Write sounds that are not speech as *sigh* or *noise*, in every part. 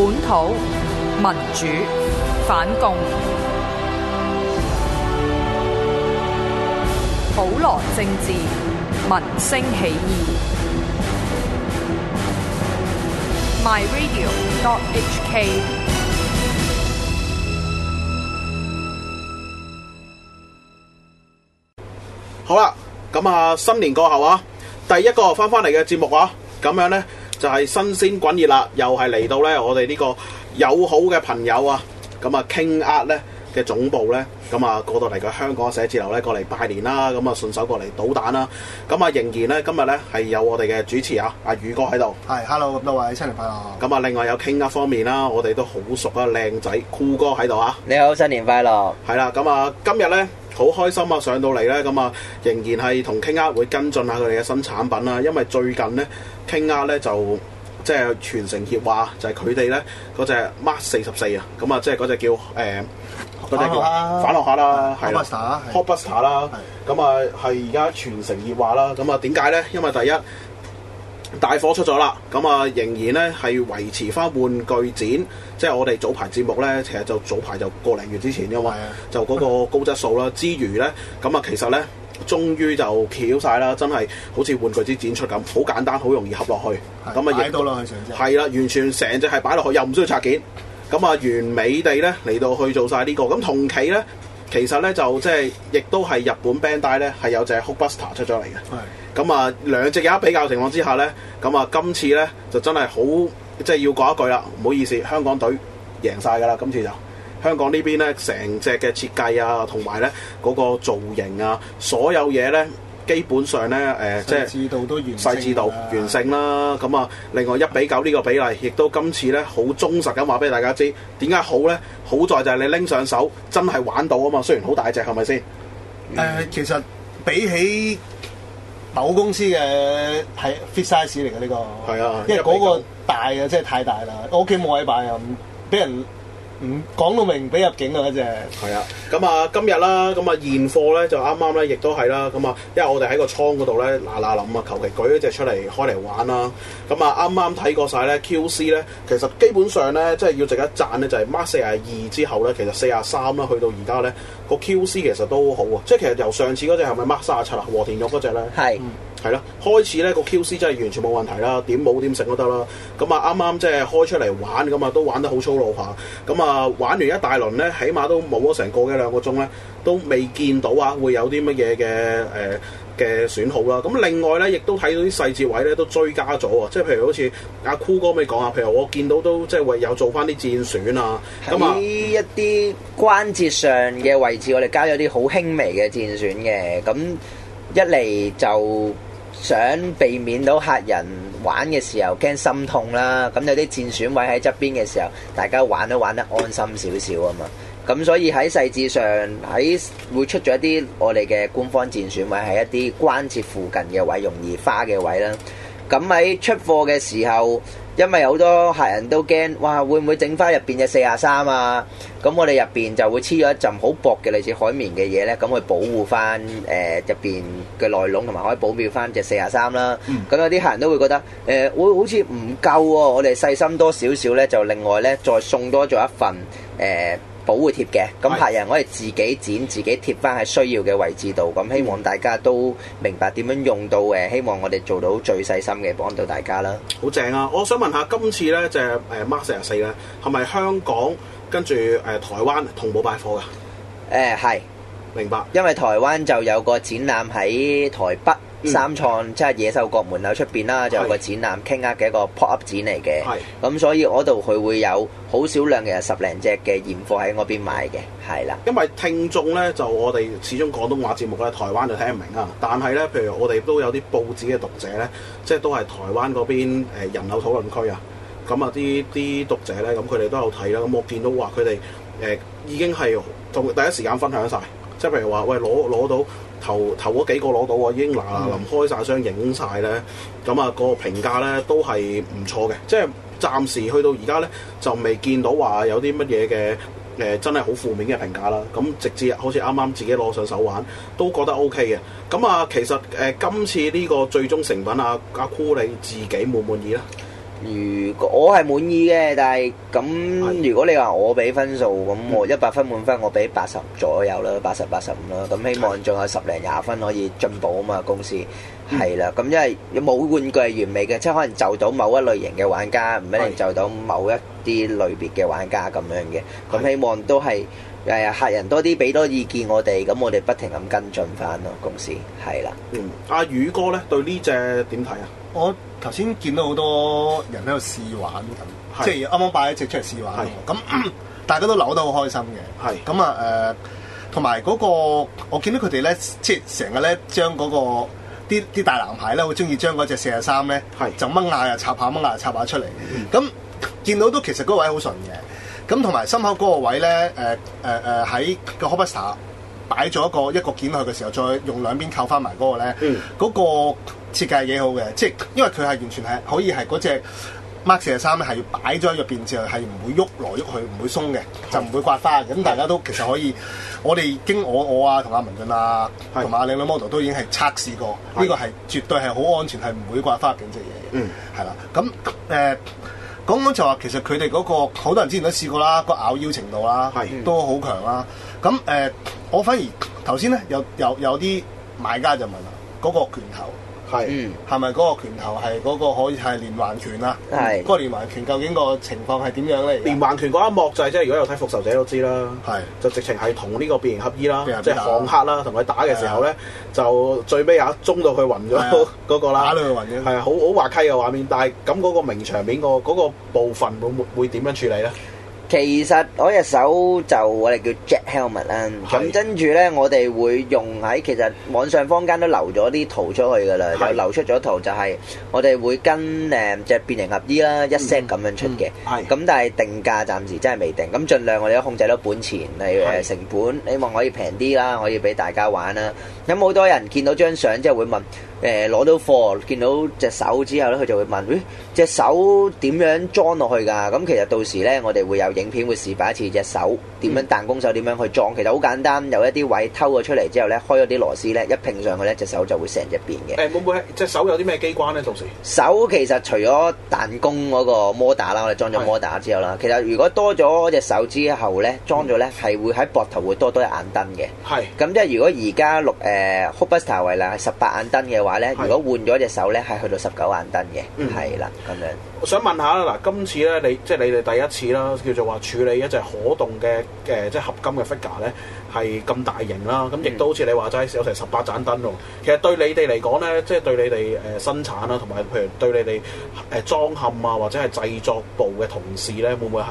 本土民主反共，普羅政治，民生起義。My Radio. dot H K。 *music* *music* 好啦，咁啊，新年過後啊，第一個翻翻嚟嘅節目啊，咁樣咧。就係新鮮滾熱啦，又係嚟到咧，我哋呢個友好嘅朋友啊，咁啊 KING ARTS 咧嘅總部咧，咁啊過到嚟嘅香港寫字樓咧過嚟拜年啦、啊，咁啊順手過嚟搗蛋啦，咁啊仍然咧今日咧係有我哋嘅主持啊，阿宇哥喺度。係，hello，咁多位新年快樂。咁啊，另外有 KING ARTS 方面啦、啊，我哋都好熟啊，靚仔 Cool 哥喺度啊。你好，新年快樂。係啦，咁啊，今日咧。好開心啊！上到嚟咧，咁啊，仍然係同 King Arts 會跟進下佢哋嘅新產品啦、啊。因為最近咧，King Arts 咧就即係全城熱話，就係佢哋咧嗰隻 Mark 四十四啊。咁、呃、啊，即係嗰隻叫誒嗰隻叫反落下啦，係、啊啊、Hulkbuster 啦，咁的啊係而家全城熱話啦。咁啊點解咧？因為第一。大火出咗啦，咁啊仍然咧係維持返玩具展，即係我哋早排節目咧，其實就早排就個零月之前，因為是的 就嗰個高質素啦。 *laughs* 之餘咧，咁啊其實咧，終於就翹晒啦，真係好似玩具之展出咁，好簡單，好容易合落去。咁啊的，也擺到落去成隻，係啦，完全成隻係擺落去，又唔需要拆件。咁啊，完美地咧嚟到去做晒呢、這個。咁同期咧。其實咧就即係，亦都係日本 Bandai 咧係有隻 Hookbuster 出咗嚟嘅。咁啊的，兩隻有一比較情況之下咧，咁啊今次咧就真係好，即係要講一句啦，唔好意思，香港隊贏晒㗎啦，今次就香港呢邊咧成隻嘅設計啊，同埋咧嗰個造型啊，所有嘢咧。基本上咧，誒、呃，即係細，細緻度完成啦。咁啊、嗯，另外一比九呢個比例，亦都今次咧好忠實咁話俾大家知點解好咧？好在就係你拎上手真係玩到啊嘛，雖然好大隻，係咪先？誒、呃，其實比起某公司嘅係 fit size 嚟嘅呢個，係啊，因為嗰個大啊，1 1真係太大啦，我屋企冇位擺啊，俾人。嗯，講到明俾入境啊，嗰隻。係啊，咁啊，今日啦，咁啊現貨咧就啱啱咧，亦都係啦，咁啊，因為我哋喺個倉嗰度咧，嗱嗱臨啊，求其舉一隻出嚟開嚟玩啦。咁啊，啱啱睇過晒咧，QC 咧，其實基本上咧，即係要值得贊咧，就係 Mark 四廿二之後咧，其實四廿三啦，去到而家咧，個 QC 其實都好啊。即係其實由上次嗰隻係咪 Mark 卅七啊，和田玉嗰隻咧。係是。嗯係咯，開始咧個 QC 真係完全冇問題啦，點冇點食都得啦。咁、嗯、啊，啱啱即係開出嚟玩咁啊，都玩得好粗魯下。咁、嗯、啊，玩完一大輪咧，起碼都冇咗成個幾兩個鐘咧，都未見到啊，會有啲乜嘢嘅誒嘅損耗啦。咁、嗯、另外咧，亦都睇到啲細節位咧，都追加咗啊。即係譬如好似阿 Cool 哥未以講啊，譬如我見到都即係有做翻啲戰損啊。咁啊，喺一啲關節上嘅位置，我哋加咗啲好輕微嘅戰損嘅。咁一嚟就。想避免到客人玩嘅時候驚心痛啦，咁有啲戰損位喺側邊嘅時候，大家玩都玩得安心少少啊嘛。咁所以喺細節上喺會出咗一啲我哋嘅官方戰損位，係一啲關節附近嘅位、容易花嘅位啦。咁喺出貨嘅時候。因為好多客人都驚，哇！會唔會整花入邊隻四亞三啊？咁我哋入邊就會黐咗一浸好薄嘅類似海綿嘅嘢咧，咁去保護翻誒入邊嘅內籠，同埋可以保妙翻隻四亞三啦。咁有啲客人都會覺得誒會好似唔夠喎，我哋細心多少少咧，就另外咧再送多咗一份誒。保護貼嘅，咁客人可以自己剪，的自己貼翻喺需要嘅位置度。咁希望大家都明白點樣用到誒，希望我哋做到最細心嘅，幫到大家啦。好正啊！我想問下，今次呢就係 Mark 四十四咧，係咪香港跟住誒、呃、台灣同步擺貨嘅？誒係、呃，明白。因為台灣就有個展覽喺台北。嗯、三創即係野獸國門口出邊啦，就是有個展覽，傾下嘅一個 pop up 展嚟嘅。咁是所以嗰度佢會有好少量嘅十零隻嘅現貨喺我邊買嘅。係啦，因為聽眾咧就我哋始終廣東話節目咧，台灣就聽唔明啊。但係咧，譬如我哋都有啲報紙嘅讀者咧，即係都係台灣嗰邊人口討論區啊。咁啊，啲啲讀者咧，咁佢哋都有睇啦。咁我見到話佢哋誒已經係同第一時間分享晒。即係譬如話，喂攞攞到頭頭嗰幾個攞到啊，已經嗱嗱臨開晒箱影晒咧，咁啊、個評價咧都係唔錯嘅。即係暫時去到而家咧，就未見到話有啲乜嘢嘅誒真係好負面嘅評價啦。咁直接好似啱啱自己攞上手玩，都覺得 OK 嘅。咁啊，其實誒、呃、今次呢個最終成品啊，阿 Cool 你自己滿唔滿意咧？如果我係滿意嘅。但係咁的如果你話我俾分數，咁我一百分滿分，我俾八十左右啦，八十八十五啦，咁希望仲有十零廿分可以進步啊嘛，公司係啦，咁、嗯、因為冇玩具係完美嘅，即係可能就到某一類型嘅玩家，唔一定就到某一啲類別嘅玩家咁樣嘅，咁希望都係。係啊，客人多啲，俾多意見我哋，咁我哋不停咁跟進翻咯。公司係啦。嗯，阿宇哥咧對呢隻點睇啊？我頭先見到好多人喺度試玩，即係啱啱擺一隻出嚟試玩，咁大家都扭得好開心嘅。係。咁啊誒，同埋嗰個，我見到佢哋咧，即係成日咧將嗰個啲啲大男孩咧好中意將嗰隻四十三咧，就掹牙呀插下，掹牙插下出嚟。咁見到都其實嗰位好順嘅。咁同埋心口嗰個位咧，誒誒誒喺個 composite 擺咗一個一個鍵去嘅時候，再用兩邊靠翻埋嗰個咧，嗰、嗯、個設計幾好嘅，即、就、係、是、因為佢係完全係可以係嗰隻 max 嘅衫咧，係擺咗喺入邊之後係唔會喐來喐去，唔會鬆嘅，就唔會刮花咁 *laughs* 大家都其實可以我我，我哋經我我啊同阿文俊啊同阿靚女 model 都已經係測試過，呢、這個係絕對係好安全，係唔會刮花嘅咁隻嘢。嗯，係啦，咁誒、嗯。Yeah. 咁講就話，其實佢哋嗰個好多人之前都試過啦，嗰個拗腰程度啦，是都好強啦。咁誒、呃，我反而頭先咧，有有有啲買家就問啦，嗰、嗰個拳頭。係，係咪嗰個拳頭係嗰個可以係連環拳啊？係是，嗰個連環拳究竟個情況係點樣咧？連環拳嗰一幕就係即係，如果有睇復仇者都知啦，是就直情係同呢個變形俠衣變形俠醫啦，即係鋼客啦，同佢、啊、打嘅時候咧，的就最尾啊、那個，中到佢暈咗嗰個啦，打到佢暈咗，係啊，好好滑稽嘅畫面。但係咁嗰個名場面個嗰個部分會會點樣處理咧？其實嗰隻手就我哋叫 jet helmet 啦的，咁跟住咧，我哋會用喺其實網上坊間都留咗啲圖出去噶啦，又流的出咗圖就係我哋會跟誒、嗯嗯、隻變形合衣啦一 set 咁樣出嘅。咁、嗯、但係定價暫時真係未定，咁儘量我哋都控制到本錢嚟誒成本，的希望可以平啲啦，可以俾大家玩啦。咁好多人見到張相之後會問。誒攞到貨，見到隻手之後咧，佢就會問：誒隻手點樣裝落去㗎？咁其實到時咧，我哋會有影片會示範一次隻手點樣彈弓手點樣去裝。其實好簡單，有一啲位偷咗出嚟之後咧，開咗啲螺絲咧，一拼上去咧，隻手就會成隻變嘅。誒，會唔會隻手有啲咩機關咧？同時手其實除咗彈弓嗰個摩打啦，我哋裝咗摩打之後啦，其實如果多咗隻手之後咧，裝咗咧係會喺膊頭會多多一眼燈嘅。係。咁即係如果而家六誒 Hulkbuster 為啦，十八眼燈嘅話。話咧，如果換咗隻手咧，係去到十九萬噸嘅，係啦，嗯，咁樣。我想問下啦，嗱，今次咧，你即係、就是、你哋第一次啦，叫做話處理一隻可動嘅嘅即係合金嘅 figure 咧。係咁大型啦，咁亦都好似你話齋有成十八盞燈喎。其實對你哋嚟講呢，即係對你哋誒生產啦，同埋譬如對你哋誒裝嵌啊，或者係製作部嘅同事呢，會唔會係誒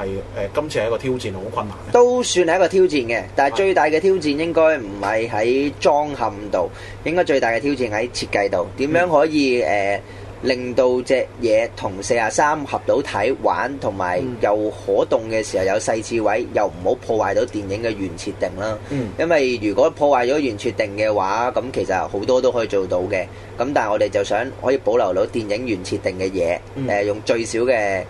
今次係一個挑戰，好困難呢？都算係一個挑戰嘅，但係最大嘅挑戰應該唔係喺裝嵌度，應該最大嘅挑戰喺設計度，點樣可以誒，嗯呃令到隻嘢同四啊三合到睇玩，同埋又可動嘅時候有細緻位，又唔好破壞到電影嘅原設定啦。嗯、因為如果破壞咗原設定嘅話，咁其實好多都可以做到嘅。咁但係我哋就想可以保留到電影原設定嘅嘢，誒用最少嘅，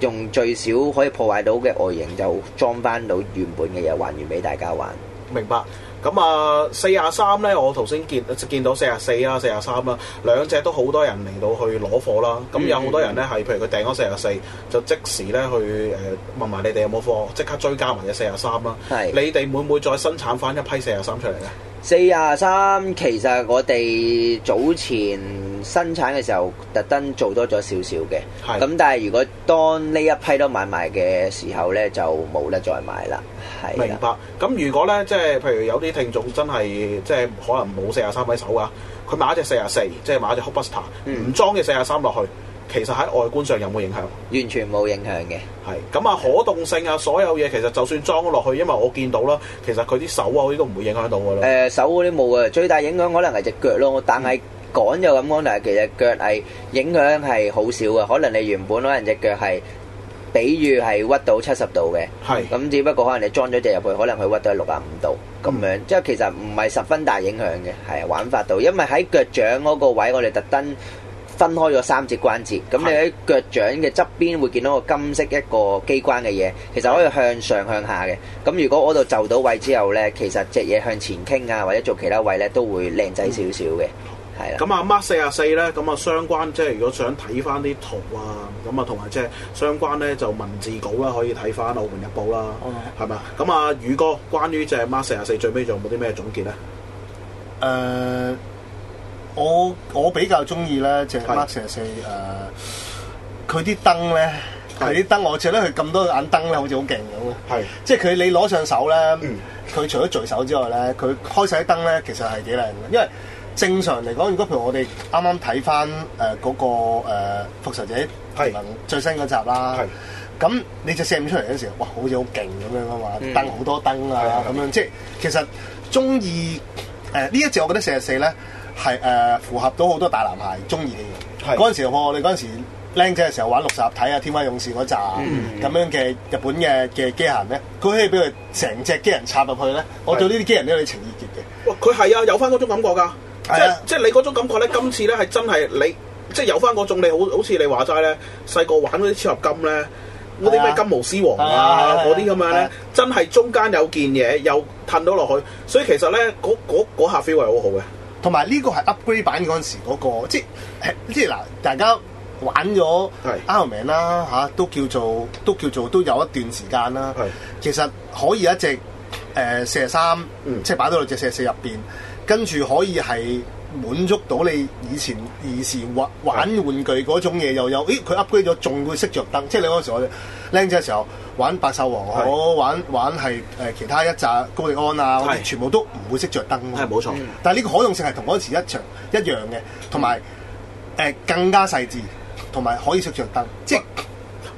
用最少可以破壞到嘅外形就裝翻到原本嘅嘢還原俾大家玩。明白。咁啊，四廿三咧，我頭先見見到四廿四啦，四廿三啦，兩隻都好多人嚟到去攞貨啦。咁有好多人咧係，譬如佢訂咗四廿四，就即時咧去誒、呃、問埋你哋有冇貨，即刻追加埋隻四廿三啦。係，你哋會唔會再生產翻一批四廿三出嚟咧？四廿三，43，其實我哋早前生產嘅時候，特登做多咗少少嘅。咁是的 但係如果當呢一批都買埋嘅時候咧，就冇得再買啦。係。明白。咁如果咧，即係譬如有啲聽眾真係，即係可能冇四廿三喺手啊，佢買一隻四廿四，即係買一隻 Hulkbuster，唔裝嘅四廿三落去。嗯嗯。其實喺外觀上有冇影響？完全冇影響嘅。係咁啊，可動性啊，所有嘢其實就算裝落去，因為我見到啦，其實佢啲手啊應該唔會影響到㗎咯。誒，手嗰啲冇呀，最大影響可能係隻腳咯。但係趕咗咁講，但係其實腳係影響係好少嘅。可能你原本可能隻腳係，比喻係屈到七十度嘅，係咁，只不過可能你裝咗隻入去，可能佢屈到六啊五度咁樣，即係其實唔係十分大影響嘅，係玩法度，因為喺腳掌嗰個位，我哋特登。分開咗三節關節，咁你喺腳掌嘅側邊會見到個金色一個機關嘅嘢，其實可以向上向下嘅。咁如果嗰度就到位之後咧，其實隻嘢向前傾啊，或者做其他位咧，都會靚仔少少嘅。係啦，咁啊 Mark 四十四咧，咁啊相關即係如果想睇翻啲圖啊，咁啊同埋即係相關咧就文字稿啦，可以睇翻《澳門日報》啦，係嘛？咁啊宇哥，關於隻 Mark 四十四最尾仲有冇啲咩總結咧？誒。我我比較中意咧，就 Mark 四十四誒，佢啲燈咧，佢啲燈，我借得佢咁多眼燈咧，好似好勁咁。係，是的 即係佢你攞上手咧，佢、嗯、除咗聚手之外咧，佢開晒啲燈咧，其實係幾靚嘅。因為正常嚟講，如果譬如我哋啱啱睇翻誒嗰個誒複、呃、仇者聯盟最新嗰集啦，咁是的 你只射五出嚟嗰時候，哇，好似好勁咁樣噶嘛，燈、嗯、好、嗯、多燈啊，咁樣即係是的 其實中意誒呢一隻，呃呃呃呃、我覺得四十四咧。嗯係誒、呃、符合到好多大男孩中意嘅嘢。嗰陣是時我哋嗰陣時僆仔嘅時候玩六十合體天威勇士嗰扎咁樣嘅日本嘅嘅機械咧，佢、嗯、可以俾佢成隻機人插入去咧。我對呢啲機人咧有啲情意結嘅。佢係啊，有翻嗰種感覺㗎。係啊，即係、就是就是、你嗰種感覺咧，今次咧係真係你即係、就是、有翻嗰種你好好似你話齋咧，細個玩嗰啲超合金咧，嗰啲咩金毛獅王啊嗰啲咁樣咧，啊啊、真係中間有件嘢又褪到落去，所以其實咧嗰嗰嗰下 feel 係好好嘅。同埋呢個係 upgrade 版，嗰陣時嗰個，即係即係嗱，大家玩咗 Iron Man 啦嚇，都叫做都叫做都有一段時間啦。是其實可以一隻誒四十三，即係擺到落隻四十四入邊，跟住可以係。滿足到你以前兒時玩玩玩具嗰種嘢又有，咦佢 upgrade 咗，仲會識着燈。即係你嗰陣時，我僆仔嘅時候玩《百獸王》是，我玩玩係誒其他一隻高力安啊，嗰啲是全部都唔會識着燈。係冇錯。但係呢個可用性係同嗰陣時一場一樣嘅，同埋誒更加細緻，同埋可以識着燈。即係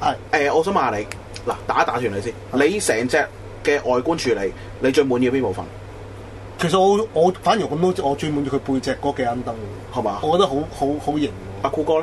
係、呃、我想問下你嗱，打一打斷你先。你成隻嘅外觀處理，你最滿意邊部分？其實我我反而咁多，我專門佢背脊嗰幾盞燈，係嘛吧？我覺得好好好型喎。阿 cool 哥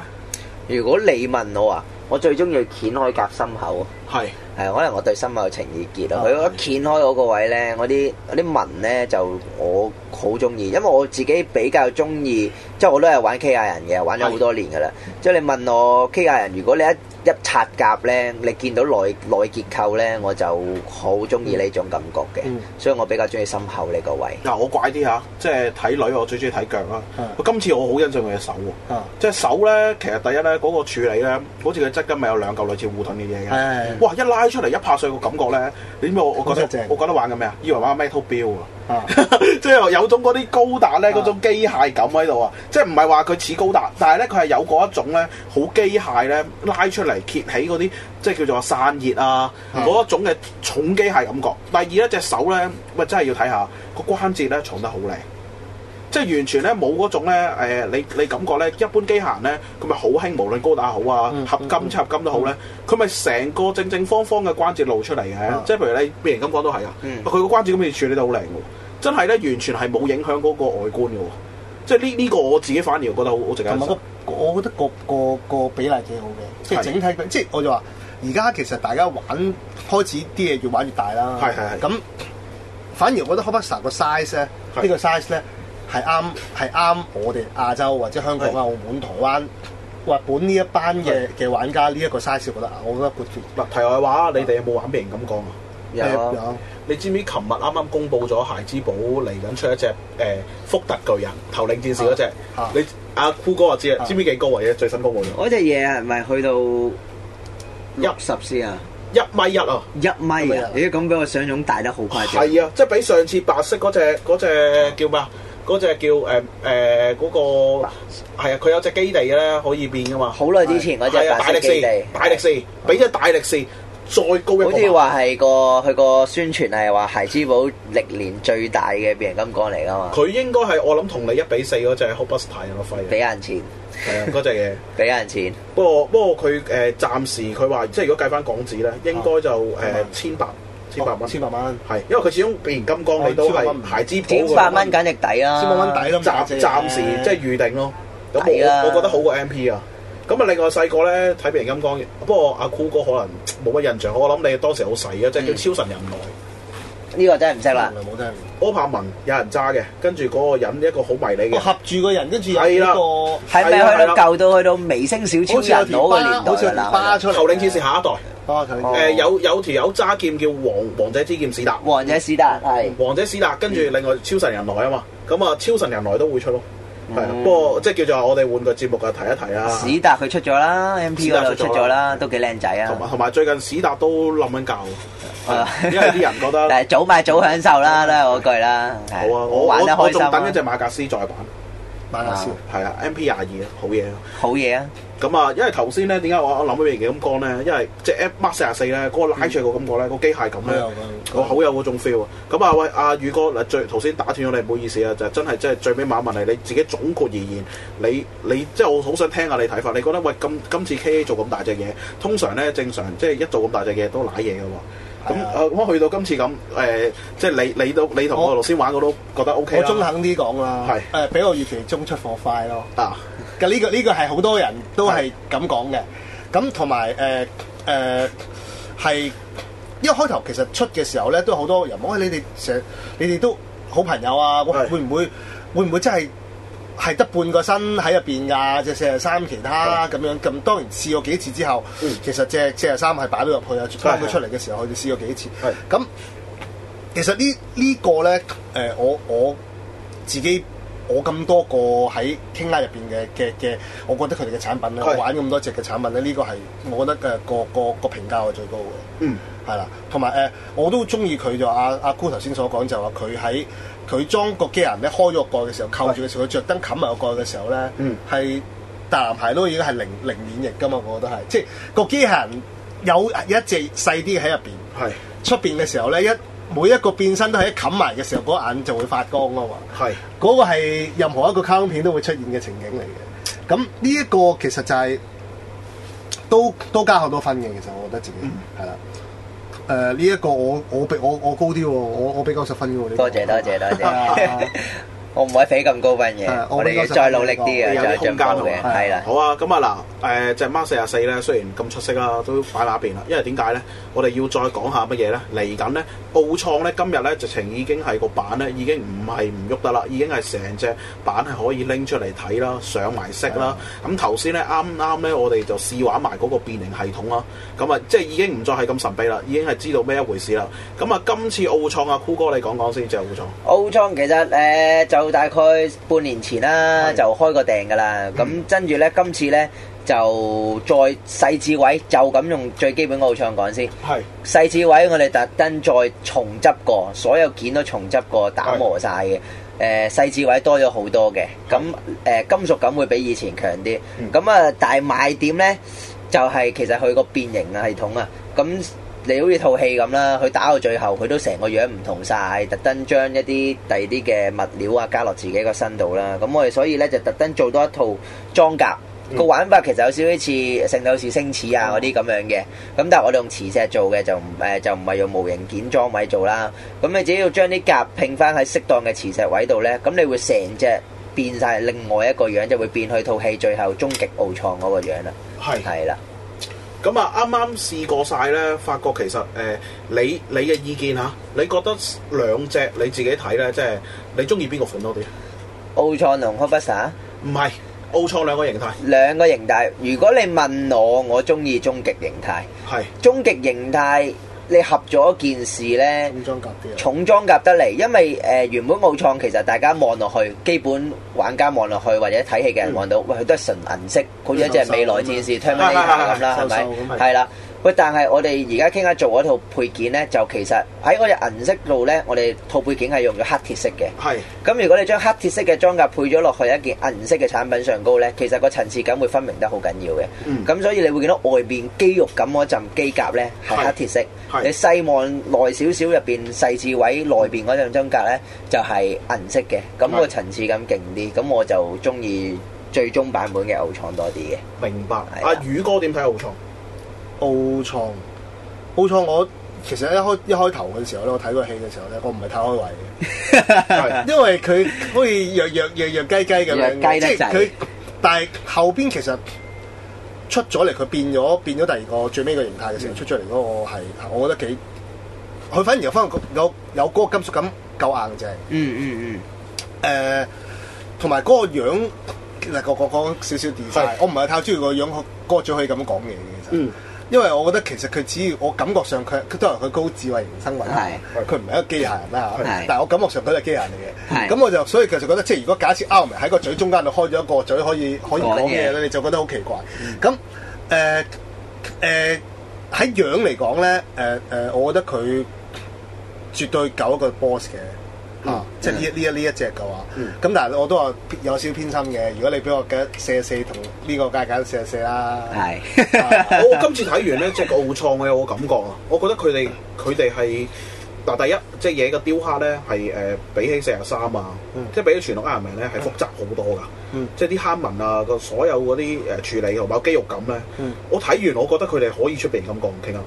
咧，如果你問我啊，我最中意掀開夾心口。係係是，可能我對心口情意結啊。佢是一掀開嗰個位咧，我啲我啲紋咧就我好中意，因為我自己比較中意，即、就、係、是、我都係玩 KIA 人嘅，玩咗好多年噶啦。即係是、嗯、你問我 KIA 人，如果你一一擦甲咧，你見到內內結構咧，我就好中意呢種感覺嘅，嗯、所以我比較中意心口呢個位。嗱、啊，我怪啲吓，即係睇女我最中意睇腳啦。的今次我好欣賞佢隻手喎，的即係手咧，其實第一咧嗰、嗰個處理咧，好似佢側裙咪有兩嚿類似護盾嘅嘢嘅。的哇！一拉出嚟一拍碎個感覺咧，你知唔知我我覺得棒我覺得玩緊咩啊？以為玩 Metal Build 啊！啊！ *laughs* 即係有種嗰啲高達咧，嗰種機械感喺度啊！即係唔係話佢似高達，但係咧佢係有嗰一種咧，好機械咧拉出嚟揭起嗰啲，即係叫做散熱啊，嗰一種嘅重機械感覺。第二咧隻手咧，咪真係要睇下個關節咧，藏得好靚。即係完全咧冇嗰種咧誒，你你感覺咧一般機械人咧，佢咪好輕，無論高打好啊，合金、插金都好咧，佢咪成個正正方方嘅關節露出嚟嘅。即係譬如咧，俾人感覺都係啊，佢個關節咁樣處理得好靚嘅，真係咧完全係冇影響嗰個外觀嘅。即係呢呢個我自己反而覺得好我最我覺得個個個比例幾好嘅，即係整體即係我就話，而家其實大家玩開始啲嘢越玩越大啦，係係係。咁反而我覺得 h o o p e s t a 個 size 咧，呢個 size 咧。係啱，係啱。我哋亞洲或者香港啊、澳門、台灣、日本呢一班嘅嘅玩家呢一個 size，我覺得我覺得 good。嗱，題外話，你哋有冇玩變形金剛啊？有有。你知唔知琴日啱啱公布咗孩之寶嚟緊出一隻誒福特巨人頭領戰士嗰隻？你阿酷哥又知啊？知唔知幾高啊？嘢最新高冇咗？嗰隻嘢係咪去到一十 c 啊？一米一啊！一米啊！咦，咁俾嘅想象大得好快！係啊，即係比上次白色嗰隻嗰隻叫咩啊？嗰隻叫誒誒嗰個係啊，佢有隻基地咧可以變噶嘛？好耐之前嗰隻大力士，大力士俾隻大力士再高一個。好似話係個佢個宣傳係話係孩之寶歷年最大嘅變形金剛嚟㗎嘛？佢應該係我諗同你一比四嗰隻好 busters 嘅費，俾人錢係啊，嗰隻嘢，俾人錢。不過不過佢誒暫時佢話即係如果計翻港紙咧，應該就誒千八。千百蚊，千百蚊，係，因為佢始終變形金剛你都係牌子鋪百蚊簡直抵啊！千百蚊抵咯，暫暫時即係預訂咯。係啊，我覺得好過 MP 啊。咁啊，另外細個咧睇變形金剛，不過阿 Cool 哥可能冇乜印象。我諗你當時好細啊，即係叫超神人來。呢個真係唔識啦，冇聽。柯柏文有人揸嘅，跟住嗰個人一個好迷你嘅，合住個人跟住有呢個，係咪去到舊到去到微星小超人腦嘅年代？好似巴出頭領戰士下一代。哦，有有條友揸劍叫王王者之劍史達，王者史達係，王者史達跟住另外超神人來啊嘛，咁啊超神人來都會出咯，係不過即係叫做我哋換個節目啊，提一提啊。史達佢出咗啦，M P 又出咗啦，都幾靚仔啊。同埋最近史達都諗緊教，因為啲人覺得。誒早買早享受啦，都係嗰句啦。好啊，我我仲等一隻馬格斯再版。馬係啊，M P 廿二啊，好嘢啊，好嘢啊！咁啊、嗯，因為頭先咧，點解我我諗起嘢咁講咧？因為隻 F Max 四十四咧，嗰、那個拉出個感覺咧，嗯、個機械樣感咧，我好有嗰種 feel 啊！咁啊，喂，阿、啊、宇哥嗱，最頭先打斷咗你，唔好意思啊，就是、真係真係最尾問一問你，你自己總括而言，你你即係、就是、我好想聽下你睇法，你覺得喂，今今次 KA 做咁大隻嘢，通常咧，正常即係、就是、一做咁大隻嘢都瀨嘢噶咁誒，咁、嗯、去到今次咁誒、呃，即係你你都你同我老師玩我都覺得 O、OK、K 啦。我中肯啲講啦，係誒是、呃，比我預期中出貨快咯。啊，嘅呢、這個呢、這個係好多人都係咁講嘅。咁同埋誒誒係，因為開頭其實出嘅時候咧，都好多人講、哎，你哋成你哋都好朋友啊，會唔會是會唔會，會，會真係？係得半個身喺入邊㗎，隻四十三其他啦，咁是的 樣咁，當然試過幾次之後，嗯、其實隻四十三係擺咗入去啊，翻咗是的 出嚟嘅時候，佢哋試過幾次。咁是的 其實、這個、呢呢個咧，誒、呃、我我自己我咁多個喺傾拉入邊嘅嘅嘅，我覺得佢哋嘅產品咧，是的 我玩咁多隻嘅產品咧，呢、這個係我覺得誒個個個評價係最高嘅。嗯 Yes. 及，係啦，同埋誒我都中意佢就阿阿 Cool 哥頭先所講就話佢喺。啊啊佢裝個機械人咧，開咗個蓋嘅時候，扣住嘅時候，佢着燈冚埋個蓋嘅時候咧，係、嗯、大男孩都已經係零零免疫㗎嘛，我覺得係，即係、個機械人有一隻細啲喺入邊，出邊嘅時候咧，一每一個變身都係一冚埋嘅時候，嗰、個、眼就會發光啊嘛。嗰是個係任何一個卡通片都會出現嘅情景嚟嘅。咁呢一個其實就係、是、都都加好多分嘅，其實我覺得自己係啦。嗯誒呢一個我我比我我高啲喎，哦，我我比較十分嘅喎，哦呢個。多謝多謝多謝。 *laughs* *laughs* 我唔可以俾咁高分嘢，的我哋再努力啲啊。有啲空間嘅，係啦有。的好啊，咁啊嗱，誒隻 Mark 44咧，雖然咁出色啦，都擺喺嗰邊啦。因為點解咧？我哋要再講下乜嘢咧？嚟緊咧，奧創咧，今日咧直情已經係個板咧，已經唔係唔喐得啦，已經係成隻板係可以拎出嚟睇啦，上埋色啦。咁頭先咧，啱啱咧，我哋就試玩埋嗰個變形系統啦。咁啊，即係已經唔再係咁神秘啦，已經係知道咩一回事啦。咁啊，今次奧創啊，Cool 哥你講講先講，就奧創。奧創其實誒、呃、就。大概半年前啦，是就開個訂噶啦。咁跟住呢，今次呢，就再細緻位，就咁用最基本嗰套唱講先。是細緻位我哋特登再重執過，所有件都重執過，打磨晒嘅。誒是、呃、細緻位多咗好多嘅，咁誒是、呃、金屬感會比以前強啲。咁啊、嗯，但係賣點呢就係、是、其實佢個變形嘅系統啊，咁。你好似套戲咁啦，佢打到最後佢都成個樣唔同晒。特登將一啲第二啲嘅物料啊加落自己個身度啦。咁我哋所以咧就特登做多一套裝甲。個、嗯、玩法其實有少少似《聖鬥士星矢、啊》啊嗰啲咁樣嘅。咁但係我哋用磁石做嘅就誒就唔係用模型件裝位做啦。咁你只要將啲甲拼翻喺適當嘅磁石位度咧，咁你會成隻變晒另外一個樣，就會變去套戲最後終極奧創嗰個樣啦。係係啦。咁啊，啱啱試過晒咧，發覺其實誒、呃、你你嘅意見嚇，你覺得兩隻你自己睇咧，即係你中意邊個款多啲？奧創同 Hulkbuster？唔係，奧創兩個形態，兩個形態。如果你問我，我中意終極形態，係終極形態。你合咗件事咧，重裝甲得嚟，因為誒、呃、原本冇創，其實大家望落去，基本玩家望落去或者睇戲嘅人望到，嗯、喂，佢都係純銀色，好似、嗯、一隻未來戰士，睇唔睇下咁啦，係咪？係啦。但係我哋而家傾下做嗰套配件咧，就其實喺嗰隻銀色度咧，我哋套配件係用咗黑鐵色嘅。係是。咁如果你將黑鐵色嘅裝甲配咗落去一件銀色嘅產品上高咧，其實個層次感會分明得好緊要嘅。咁、嗯、所以你會見到外邊肌肉感嗰陣機甲咧係黑鐵色，你細望內少少入邊細緻位內邊嗰陣裝甲咧就係、是、銀色嘅，咁個層次感勁啲，咁是我就中意最終版本嘅奧創多啲嘅。明白。阿宇的、啊、哥點睇奧創？奧創，奧創、oh, oh,，我其實一開一開頭嘅時候咧，我睇個戲嘅時候咧，我唔係太開胃嘅， *laughs* 因為佢好似弱弱弱弱雞雞咁樣，樣即係佢，但係後邊其實出咗嚟，佢變咗變咗第二個最尾嘅形態嘅時候、mm. 出咗嚟嗰個係，我覺得幾，佢反而又翻有有，有個金屬感夠硬，夠硬淨，嗯嗯誒，同埋嗰個樣，嗱、那個，我我講少少 design 我唔係太中意、那個樣，那個、那個嘴可以咁講嘢嘅，嗯。Mm. 因為我覺得其實佢只要我感覺上佢，佢都係佢高智慧型生物，佢唔係一個機械人啦嚇。但係我感覺上佢係機械人嚟嘅，咁我就所以其實覺得，即係如果假設 out 喺個嘴中間度開咗一個嘴可，可以可以講嘢咧，的你就覺得好奇怪。咁誒誒喺樣嚟講咧，誒、呃、誒、呃，我覺得佢絕對夠一個 boss 嘅。即係呢一呢、嗯、一呢一隻嘅話，咁、嗯、但係我都話有少偏心嘅。如果你俾我嘅四四同呢個佳佳四十四啦，是嗯、我今次睇完咧， *laughs* 即係奧創嘅有個感覺啊，我覺得佢哋佢哋係嗱，第一，即係嘢嘅雕刻咧係誒比起四十三啊，嗯、即係比起傳統 Iron Man 咧係複雜好多㗎，嗯、即係啲坑紋啊個所有嗰啲誒處理同埋有肌肉感咧，嗯嗯、我睇完我覺得佢哋可以出面咁講傾啊。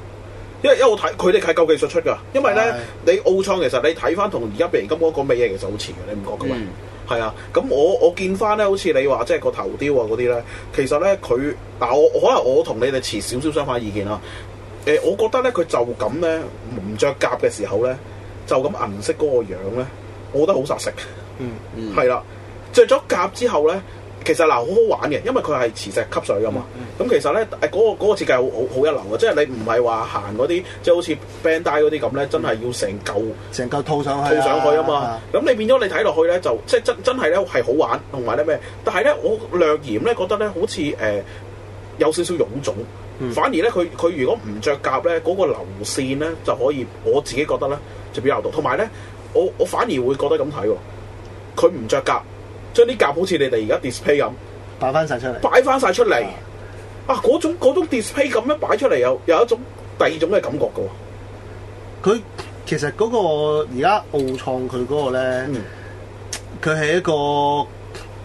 因因我睇佢哋係夠技術出噶，因為咧的你奧創其實你睇翻同而家比，險金嗰個味嘢其實好似嘅，你唔覺嘅咩？係啊、嗯，咁我我見翻咧，好似你話即係個頭雕啊嗰啲咧，其實咧佢嗱我可能我同你哋持少少相反意見啦。誒、呃，我覺得咧佢就咁咧唔着甲嘅時候咧，就咁銀色嗰個樣咧，我覺得好殺食。嗯，係啦， *laughs* 着咗甲之後咧。其實嗱，好好玩嘅，因為佢係磁石吸水噶嘛。咁、嗯、其實咧，嗰、嗰個嗰、嗰個設計好好一流嘅，即係你唔係話行嗰啲即係好似 Bandai 嗰啲咁咧，嗯、真係要成嚿成嚿套上套上去啊上去嘛。咁、嗯嗯、你變咗你睇落去咧，就即係真真係咧係好玩，同埋咧咩？但係咧，我略嫌咧覺得咧，好似誒、呃、有少少臃腫。嗯、反而咧，佢佢如果唔着甲咧，嗰、嗰個流線咧就可以，我自己覺得咧就比較毒。同埋咧，我我反，呢我，反我反而會覺得咁睇喎，佢唔着甲。將啲夾好似你哋而家 display 咁擺翻晒出嚟，擺翻晒出嚟，啊嗰種嗰種 display 咁樣擺出嚟又有一種第二種嘅感覺嘅喎。佢其實嗰個而家奧創佢嗰個咧，佢係一個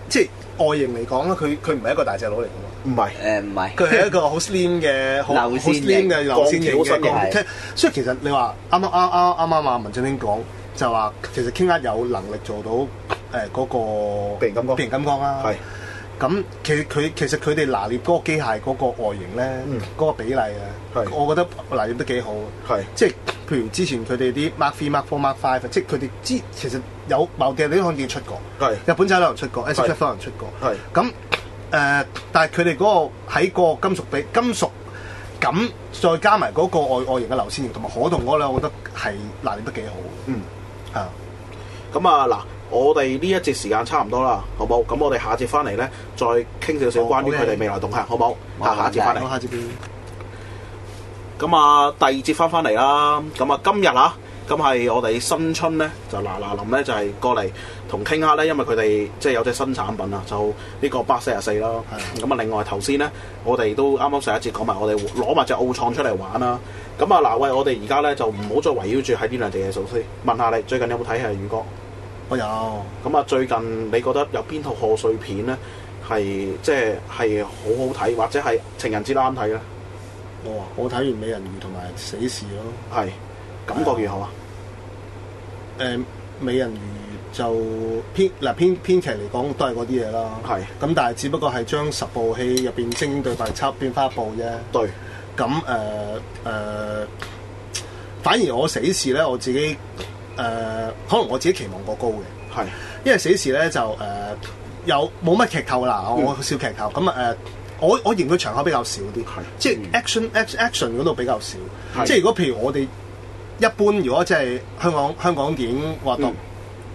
即係外形嚟講咧，佢佢唔係一個大隻佬嚟嘅喎。唔係，誒唔係，佢係一個好 slim 嘅，好好 slim 嘅流線型嘅，即係所以其實你話啱啱啱啱啱啊，文振興講就話其實傾家有能力做到。誒嗰個變形金剛，變形金剛啦。係咁，其實佢其實佢哋拿捏嗰個機械嗰個外形咧，嗰個比例啊，我覺得拿捏得幾好。係即係譬如之前佢哋啲 Mark Three Mark Four、Mark Five，即係佢哋之其實有某啲嘅啲行徑出過。係日本製都有出過，S K F 都有出過。係咁誒，但係佢哋嗰個喺個金屬比金屬感，再加埋嗰個外外形嘅流線型同埋可動嗰兩，我覺得係拿捏得幾好。嗯啊，咁啊嗱。我哋呢一節時間差唔多啦，好冇？咁我哋下節翻嚟，咧，再傾少少關於佢哋未來動向，oh, okay. 好冇？吓，下節翻嚟。咁啊，第二節翻翻嚟啦。咁啊，今日啊，咁係我哋新春咧，就嗱嗱臨咧，就係過嚟同傾下咧，因為佢哋即係有隻新產品啊，就呢個八四十四啦。咁啊的，另外頭先咧，我哋都啱啱上一節講埋，我哋攞埋隻奧創出嚟玩啦。咁啊，嗱，喂，我哋而家咧就唔好再圍繞住喺呢兩隻嘢數先。問下你，最近有冇睇下宇哥？我、哦、有咁啊。最近你覺得有邊套賀歲片咧，係即係好好睇，或者係情人節啱睇咧？我我睇完《美人魚》同埋《死侍》咯。係感覺如何啊？誒，《美人魚》就編嗱編編劇嚟講都係嗰啲嘢啦。係咁，但係只不過係將十部戲入邊精英對白抄編翻一部啫。對咁誒誒，反而我《死侍》咧，我自己。誒、呃，可能我自己期望過高嘅，係是因為死侍咧就誒、呃、有冇乜劇透啦、嗯呃，我少劇透咁啊誒，我我認佢場口比較少啲，係是即係 action action action 嗰度比較少，是即係如果譬如我哋一般如果即係香港香港電影話獨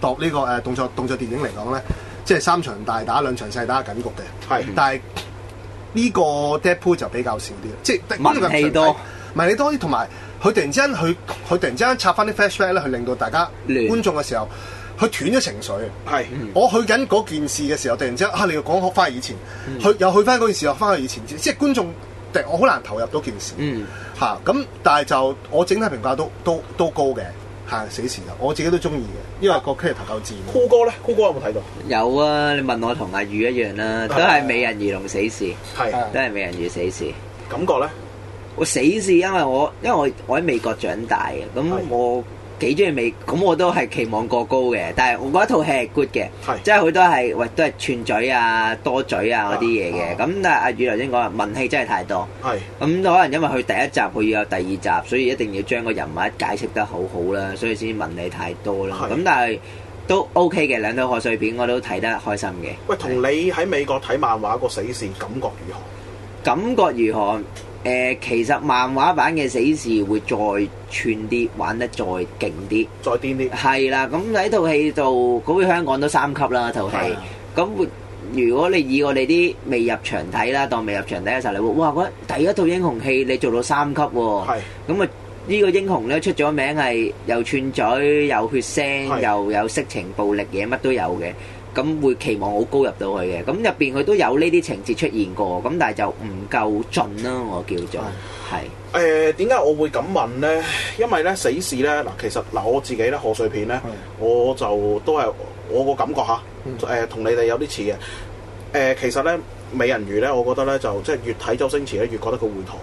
獨呢個誒動作動作電影嚟講咧，即係三場大打兩場細打緊局嘅，係、嗯，但係呢個 Deadpool 就比較少啲，即係文氣多。咪你多啲，同埋佢突然之間，佢佢突然之間插翻啲 flashback 咧，去令到大家觀眾嘅時候，佢斷咗情緒。係，我去緊嗰件事嘅時候，突然之間嚇，你要講翻以前，去又去翻嗰件事，又翻去以前，即係觀眾，我好難投入到件事。嗯，咁，但係就我整體評價都都都高嘅，嚇死侍啊！我自己都中意嘅，因為個劇頭夠賤。酷哥咧，酷哥有冇睇到？有啊，你問我同阿宇一樣啦，都係美人魚同死侍，係都係美人魚死侍。感覺咧？死侍，因為我因為我我喺美國長大嘅，咁我幾中意美，咁我都係期望過高嘅。但係我一套戲係 good 嘅，即係好多係喂、呃、都係串嘴啊、多嘴啊嗰啲嘢嘅。咁、啊啊、但係阿宇頭先講文戲真係太多，咁是可能因為佢第一集佢要有第二集，所以一定要將個人物解釋得好好啦，所以先問你太多啦。咁是但係都 OK 嘅兩套賀歲片，我都睇得開心嘅。喂，同你喺美國睇漫畫、那個死侍感覺如何？感覺如何？誒、呃，其實漫畫版嘅死侍會再串啲，玩得再勁啲，再癲啲。係啦，咁喺套戲度，嗰啲香港都三級啦，套戲的。咁如果你以我哋啲未入場睇啦，當未入場睇嘅時候你會，哇！第一套英雄戲你做到三級喎、哦。咁啊的，呢個英雄咧出咗名係又串嘴，又血腥，的又有色情暴力嘢，乜都有嘅。咁會期望好高入到去嘅，咁入邊佢都有呢啲情節出現過，咁但係就唔夠盡啦，我叫做係。誒點解我會咁問咧？因為咧死侍咧嗱，其實嗱、呃、我自己咧賀歲片咧，的我就都係我個感覺吓，誒、啊、同、嗯呃、你哋有啲似嘅。誒、呃、其實咧美人魚咧，我覺得咧就即係越睇周星馳咧，越覺得佢會堂。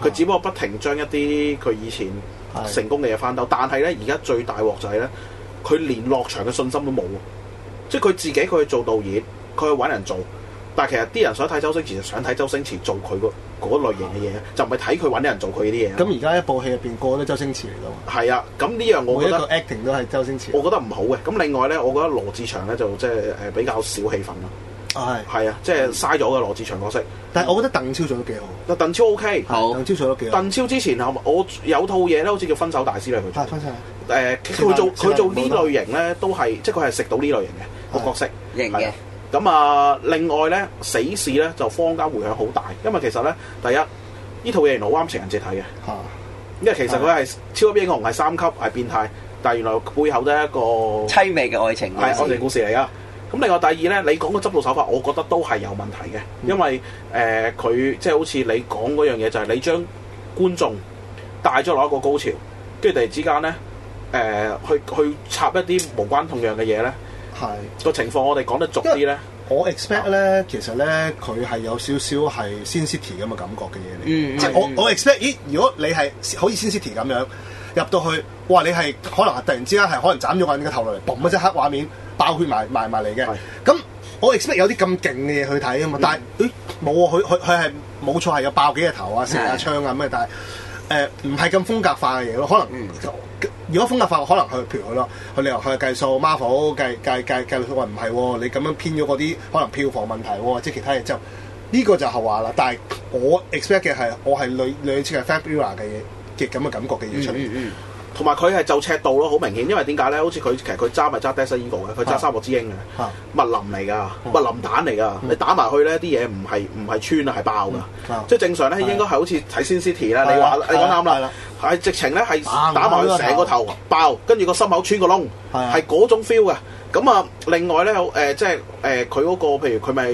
佢的只不過不停將一啲佢以前成功嘅嘢翻兜，但係咧而家最大鑊就係咧，佢連落場嘅信心都冇。即係佢自己，佢去做導演，佢去搵人做。但係其實啲人想睇周星馳，想睇周星馳做佢嗰嗰類型嘅嘢，就唔係睇佢搵啲人做佢呢啲嘢。咁而家一部戲入邊，個個都周星馳嚟噶嘛？係啊，咁呢樣我覺得 acting 都係周星馳。我覺得唔好嘅。咁另外咧，我覺得羅志祥咧就即係誒比較少戲份咯。係係啊，即係嘥咗嘅羅志祥角色。但係我覺得鄧超做得幾好。阿鄧超 OK，鄧超做得幾好。鄧超之前我有套嘢咧，好似叫《分手大師》咧，去。做。分手。誒，佢做佢做呢類型咧，都係即係佢係食到呢類型嘅。個角色型嘅，咁啊的、呃，另外咧，死侍咧就坊間回響好大，因為其實咧，第一，呢套嘢好啱成人節睇嘅，啊、因為其實佢係超級英雄係三級係變態，但係原來背後都係一個凄美嘅愛情係愛情故事嚟噶。咁、嗯、另外第二咧，你講嘅執導手法，我覺得都係有問題嘅，因為誒，佢即係好似你講嗰樣嘢，就係、是、你將、就是、觀眾帶咗落一個高潮，跟住突然之間咧，誒、呃，去去插一啲無關痛癢嘅嘢咧。係個情況，是我哋講得俗啲咧。我 expect 咧，其實咧佢係有少少係 Sin City 咁嘅感覺嘅嘢嚟。Mm hmm. 即係我、mm hmm. 我 expect，咦？如果你係好似 Sin City 咁樣入到去，哇！你係可能係突然之間係可能斬咗個人頭落嚟，嘣！一係黑畫面爆血埋埋埋嚟嘅。咁、mm hmm. 我 expect 有啲咁勁嘅嘢去睇啊嘛。但係誒冇啊，佢佢佢係冇錯係有爆幾隻頭啊、射下槍啊咩。Mm hmm. 但係誒唔係咁風格化嘅嘢咯，可能。Mm hmm. 如果風格化，可能佢賠佢咯。佢理由佢計數 Marvel 計計計計數，話唔係喎，你咁樣編咗嗰啲可能票房問題即、哦、者其他嘢之後，呢、這個就係話啦。但係我 expect 嘅係我係兩兩次係 Fabula 嘅嘢嘅咁嘅感覺嘅嘢出。嚟、嗯。嗯嗯嗯同埋佢係就尺度咯，好明顯，因為點解咧？好似佢其實佢揸咪揸 Desert Eagle 嘅，佢揸《沙漠之鷹》嘅，密林嚟噶，密林彈嚟噶，你打埋去咧，啲嘢唔係唔係穿啊，係爆噶，即係正常咧，應該係好似睇先 City 啦，你話你講啱啦，係直情咧係打埋去成個頭爆，跟住個心口穿個窿，係嗰種 feel 嘅。咁啊，另外咧，誒即係誒佢嗰個譬如佢咪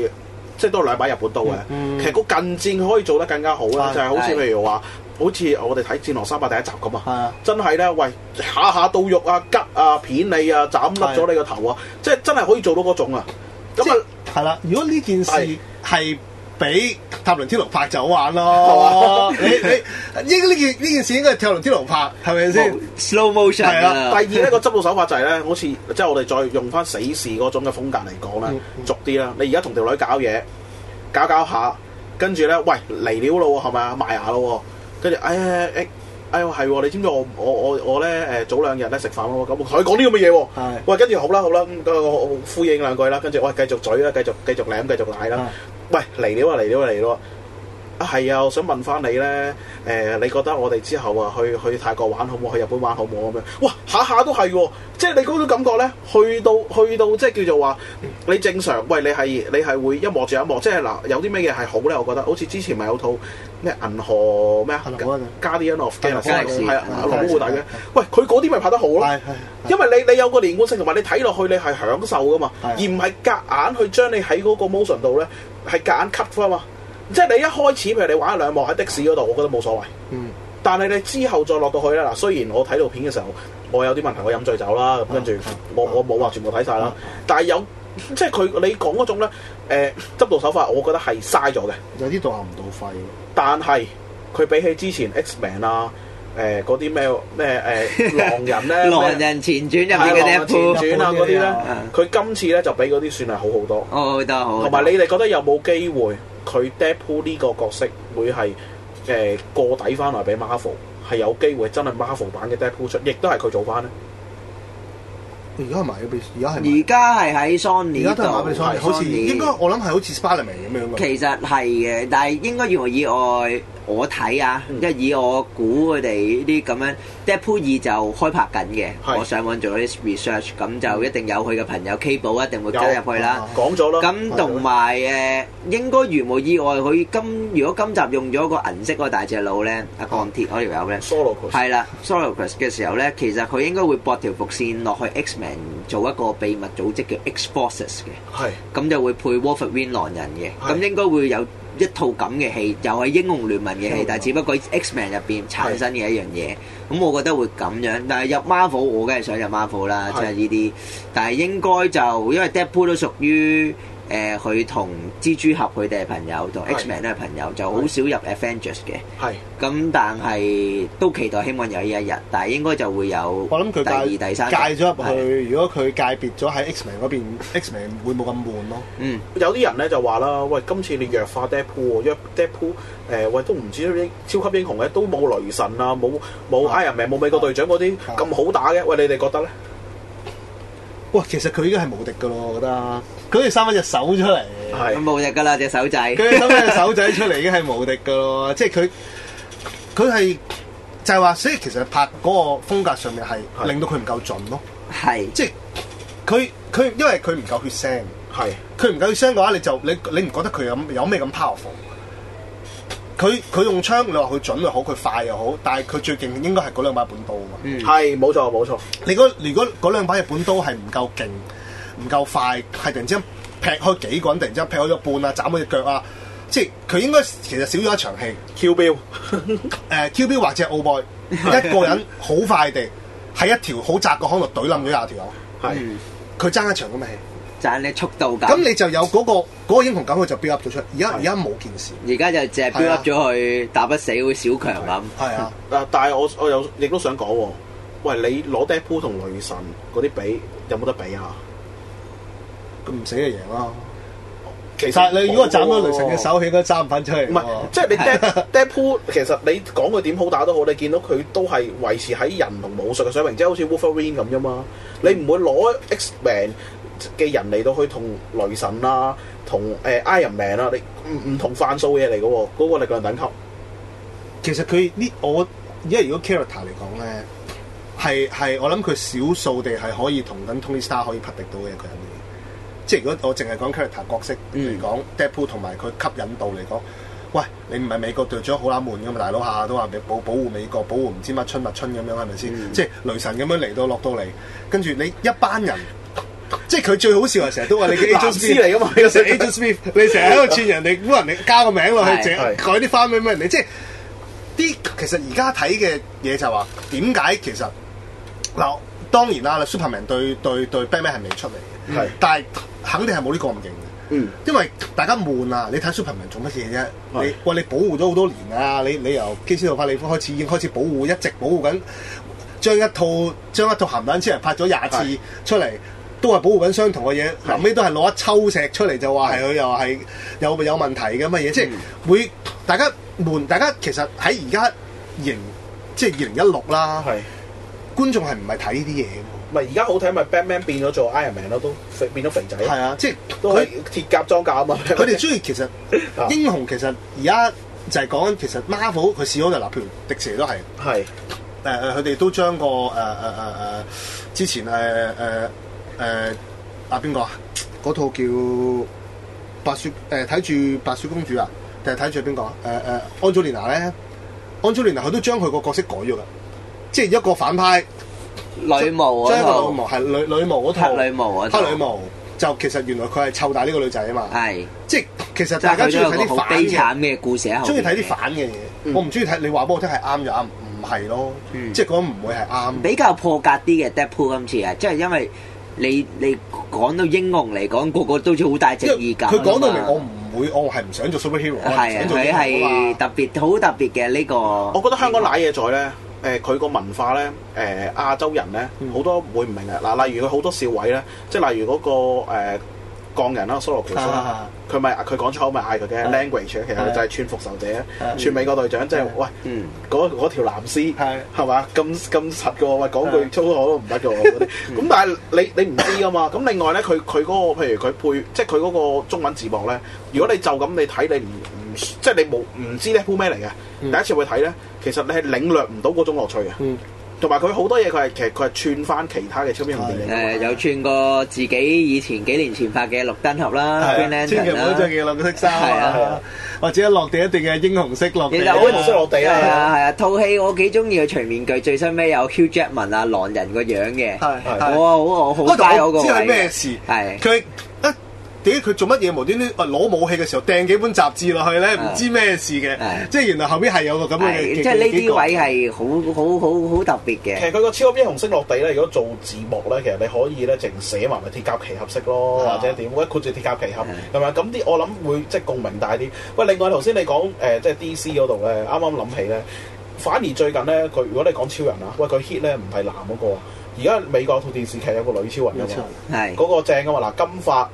即係都兩把日本刀嘅，其實個近戰可以做得更加好啦，就係好似譬如話。好似我哋睇《戰狼三百》第一集咁啊，真係咧，喂，下下到肉啊，刉啊，片你啊，斬甩咗你個頭啊，即係真係可以做到嗰種啊。咁啊是，係啦那，如果呢件事係俾《塔倫天奴》拍就好玩咯。啊、你 *laughs* 你，你應呢件呢件事應該係《塔倫天奴》拍，係咪先？Slow motion、啊。係啦、啊。第二一、那個執到手法就係、是、咧，好似即係我哋再用翻死侍嗰種嘅風格嚟講咧，俗啲啦。你而家同條女搞嘢，搞搞下，跟住咧，喂，嚟料咯，係咪啊，賣牙咯。是跟住，哎呀，誒，哎呀，係、哎、喎、哦，你知唔知我我我我咧誒早兩日咧食飯喎，咁、嗯、是我同你講啲咁嘅嘢喎，哎、是喂，跟住好啦好啦，咁我我呼應兩句啦，跟住我繼續嘴啦，繼續繼續舐，繼續舐啦，喂，嚟料啊嚟料嚟咯。啊係啊，我想問翻你咧，誒你覺得我哋之後啊去去泰國玩好冇？去日本玩好冇咁樣？哇下下都係喎、啊，即係你嗰種感覺咧，去到去到即係叫做話，你、嗯、正常喂，你係你係會一幕接一幕，即係嗱有啲咩嘢係好咧？我覺得好似之前咪有套咩銀河咩加啲恩諾夫嘅，係啊，龍虎大嘅，喂佢嗰啲咪拍得好咯， *laughs* 因為你你有個連貫性同埋你睇落去你係享受噶嘛，的而唔係夾硬去將你喺嗰個 motion 度咧係夾硬 cut 翻嘛。即係你一開始，譬如你玩一兩幕喺的士嗰度，我覺得冇所謂。嗯，但係你之後再落到去咧，嗱，雖然我睇到片嘅時候，我有啲問題，我飲醉酒啦咁，跟住我我冇話全部睇晒啦。但係有即係佢你講嗰種咧，誒，執導手法，我覺得係嘥咗嘅。有啲度壓唔到肺。但係佢比起之前 Xman 啊，誒，嗰啲咩咩誒狼人咧，狼人前傳啊，嗰啲前傳啊，啲咧，佢今次咧就比嗰啲算係好好多。哦，得，好。同埋你哋覺得有冇機會？佢 Deadpool 呢個角色會係誒過底翻來俾 Marvel 係有機會真係 Marvel 版嘅 Deadpool 出，亦都係佢做翻咧。而家係咪？而家係。而家係喺 Sony 而家度，好似 Sony 應該我諗係好似 Spotify 咁樣嘅。其實係嘅，但係應該何以外。我睇啊，即係以我估佢哋呢啲咁樣，Deadpool 二就開拍緊嘅。我上網做咗啲 research，咁就一定有佢嘅朋友 Cable 一定會加入去啦。講咗咯。咁同埋誒，應該如無意外，佢今如果今集用咗個銀色嗰個大隻佬咧，阿鋼鐵嗰條友咧。Solo。係啦，Solo 的嘅時候咧，其實佢應該會駁條伏線落去 X-Men 做一個秘密組織叫 X-Force 嘅。係。咁就會配 Wolverine 狼人嘅，咁應該會有。一套咁嘅戲，又係英雄聯盟嘅戲， *music* 但係只不過 X-Men 入邊產生嘅一樣嘢，咁是我覺得會咁樣。但係入 Marvel，我梗係想入 Marvel 啦，即係呢啲。但係應該就因為 Deadpool 都屬於。誒佢同蜘蛛俠佢哋嘅朋友，同 X-Men 咧係朋友，就好少入 Avengers 嘅。係咁是，但係都期待希望有呢一日，但係應該就會有我。我諗佢第二、第三。界咗入去，是如果佢界別咗喺 X-Men 嗰邊，X-Men 會冇咁悶咯。嗯，有啲人咧就話啦，喂，今次你弱化 Deadpool 喎、哦，弱 Deadpool 誒、呃，喂都唔知超級英雄咧都冇雷神啊，冇冇 Iron Man，冇美國隊長嗰啲咁好打嘅。喂，你哋覺得咧？哇，其實佢已經係無敵嘅咯，我覺得。佢好似生翻隻手出嚟，無敵嘅啦隻手仔。佢生翻隻手仔出嚟已經係無敵嘅咯，即係佢佢係就係話，所以其實拍嗰個風格上面係令到佢唔夠準咯。係是，即係佢佢因為佢唔夠血腥，係佢唔夠血腥嘅話你，你就你你唔覺得佢有有咩咁 powerful？佢佢用槍，你話佢準又好，佢快又好，但係佢最勁應該係嗰兩把日本刀啊嘛。嗯，係冇錯冇錯。你如果如果嗰兩把日本刀係唔夠勁、唔夠快，係突然之間劈開幾個人，突然之間劈開咗半啊，斬咗隻腳啊，即係佢應該其實少咗一場戲。Q Bill，誒、 *laughs* 呃、Q Bill 或者 O Boy *laughs* 一個人好快地喺一條好窄嘅巷度懟冧咗廿條友，係佢、嗯、是爭一場咁嘅戲。睇你速度感，咁你就有嗰個英雄感，佢就 build up 咗出嚟。而家而家冇件事，而家就淨係 build up 咗去打不死會小強咁。係啊，但係我我又亦都想講喎。喂，你攞 Deadpool 同雷神嗰啲比有冇得比啊？咁唔死就贏啦。其實你如果斬咗雷神嘅手，應該斬唔翻出去。唔係，即係你 Deadpool 其實你講佢點好打都好，你見到佢都係維持喺人同武術嘅水平，即係好似 Wolverine 咁啫嘛。你唔會攞 X Man。嘅人嚟到可以同雷神啦、啊，同誒、呃、Iron Man 啦、啊，你唔唔同範數嘢嚟嘅喎，嗰、哦那個力量等級。其實佢呢，我因為如果 character 嚟講咧，係係我諗佢少數地係可以同等 Tony Star 可以匹敵到嘅佢入面。即係如果我淨係講 character 角色譬如講 Deadpool 同埋佢吸引度嚟講，喂，你唔係美國隊長好冷門㗎嘛，大佬下下都話咪保保護美國，保護唔知乜春乜春咁樣係咪先？是是嗯、即係雷神咁樣嚟到落到嚟，跟住你一班人。 *laughs* 即係佢最好笑啊！成日都話你叫 Angelina，你成 a g e n a 你成日喺度串人哋，估 *laughs* 人哋加個名落去， *laughs* 改啲花名咩？人哋即係啲其實而家睇嘅嘢就話點解？其實嗱，當然啦，Superman 對對對，對，對，對 Batman 係未出嚟嘅，是的 但係肯定係冇呢個咁勁嘅，是的 因為大家悶啊！你睇 Superman 做乜嘢啫？是的 你喂，你保護咗好多年啊！你你，你由基斯道法李夫開始已經開始保護，一直保護緊，將一套將一套咸蛋超人拍咗廿次出嚟。都係保護緊相同嘅嘢，後尾都係攞一抽石出嚟就話係佢又係有有問題嘅乜嘢，即係會大家悶，大家其實喺而家型即係二零一六啦，係觀眾係唔係睇呢啲嘢？唔係而家好睇咪 Batman 變咗做 Iron Man 咯，都變咗肥仔。係啊，即係都係鐵甲裝甲啊嘛。佢哋中意其實英雄其實而家就係講緊其實 Marvel 佢始終就立譬如迪士尼都係係誒佢哋都將個誒誒誒誒之前誒誒。誒啊邊個啊？嗰套叫白雪誒睇住白雪公主啊？定係睇住邊個啊？誒誒安祖蓮娜咧，安祖蓮娜佢都將佢個角色改咗㗎，即係一個反派女巫啊！一個女巫係女女巫嗰套，女巫，黑女巫就其實原來佢係湊大呢個女仔啊嘛。係即係其實大家中意睇啲反慘嘅故事，啊。中意睇啲反嘅嘢。我唔中意睇你話俾我聽係啱就啱，唔係咯，即係講唔會係啱。比較破格啲嘅《Deadpool》今次啊，即係因為。你你講到英雄嚟講，個個都好似好大隻耳夾。佢講到明，我唔會，我係唔想做 superhero。係啊，你係特別好特別嘅呢，這個。我覺得香港賴嘢在咧，誒、呃，佢個文化咧，誒、呃，亞洲人咧，好多唔會唔明嘅。嗱，例如佢好多少尉咧，即係例如嗰，那個、呃港人啦，Solo 佢咪佢講粗口咪嗌佢嘅 language，其實就係穿復仇者，穿美國隊長，即係喂，嗰嗰條藍絲係嘛，咁咁實嘅喂，講句粗口都唔得嘅，咁但係你你唔知啊嘛，咁另外咧，佢佢嗰個譬如佢配，即係佢嗰個中文字幕咧，如果你就咁你睇你唔唔，即係你冇唔知咧，鋪咩嚟嘅，第一次會睇咧，其實你係領略唔到嗰種樂趣嘅。同埋佢好多嘢，佢係其實佢係串翻其他嘅出邊嘅電影。有串過自己以前幾年前拍嘅《綠燈俠》啦，千祈唔好着綠色衫啦，或者落地一定嘅英雄式落地，英雄式落地啊！係啊，係啊，套戲我幾中意嘅，除面具最新尾有 Hugh Jackman 啊狼人個樣嘅，我好我好打嗰個位。唔知咩事，係佢一。點解佢做乜嘢無端端？誒攞武器嘅時候掟幾本雜誌落去咧，唔知咩事嘅。即係的原來後面係有個咁樣嘅。的個即係呢啲位係好好好好特別嘅。其實佢個超級英雄式落地咧，如果做字幕咧，其實你可以咧淨寫埋咪鐵甲奇俠式咯，啊、或者點？喂，括住鐵甲奇俠，係咪咁啲？我諗會即係共鳴大啲。喂，另外頭先你講誒、呃，即係 DC 嗰度咧，啱啱諗起咧，反而最近咧佢，如果你講超人啊，喂佢 hit 咧唔係男嗰、嗰個，而家美國套電視劇有個女超人㗎嘛，係嗰個正㗎嘛，嗱、呃、金髮。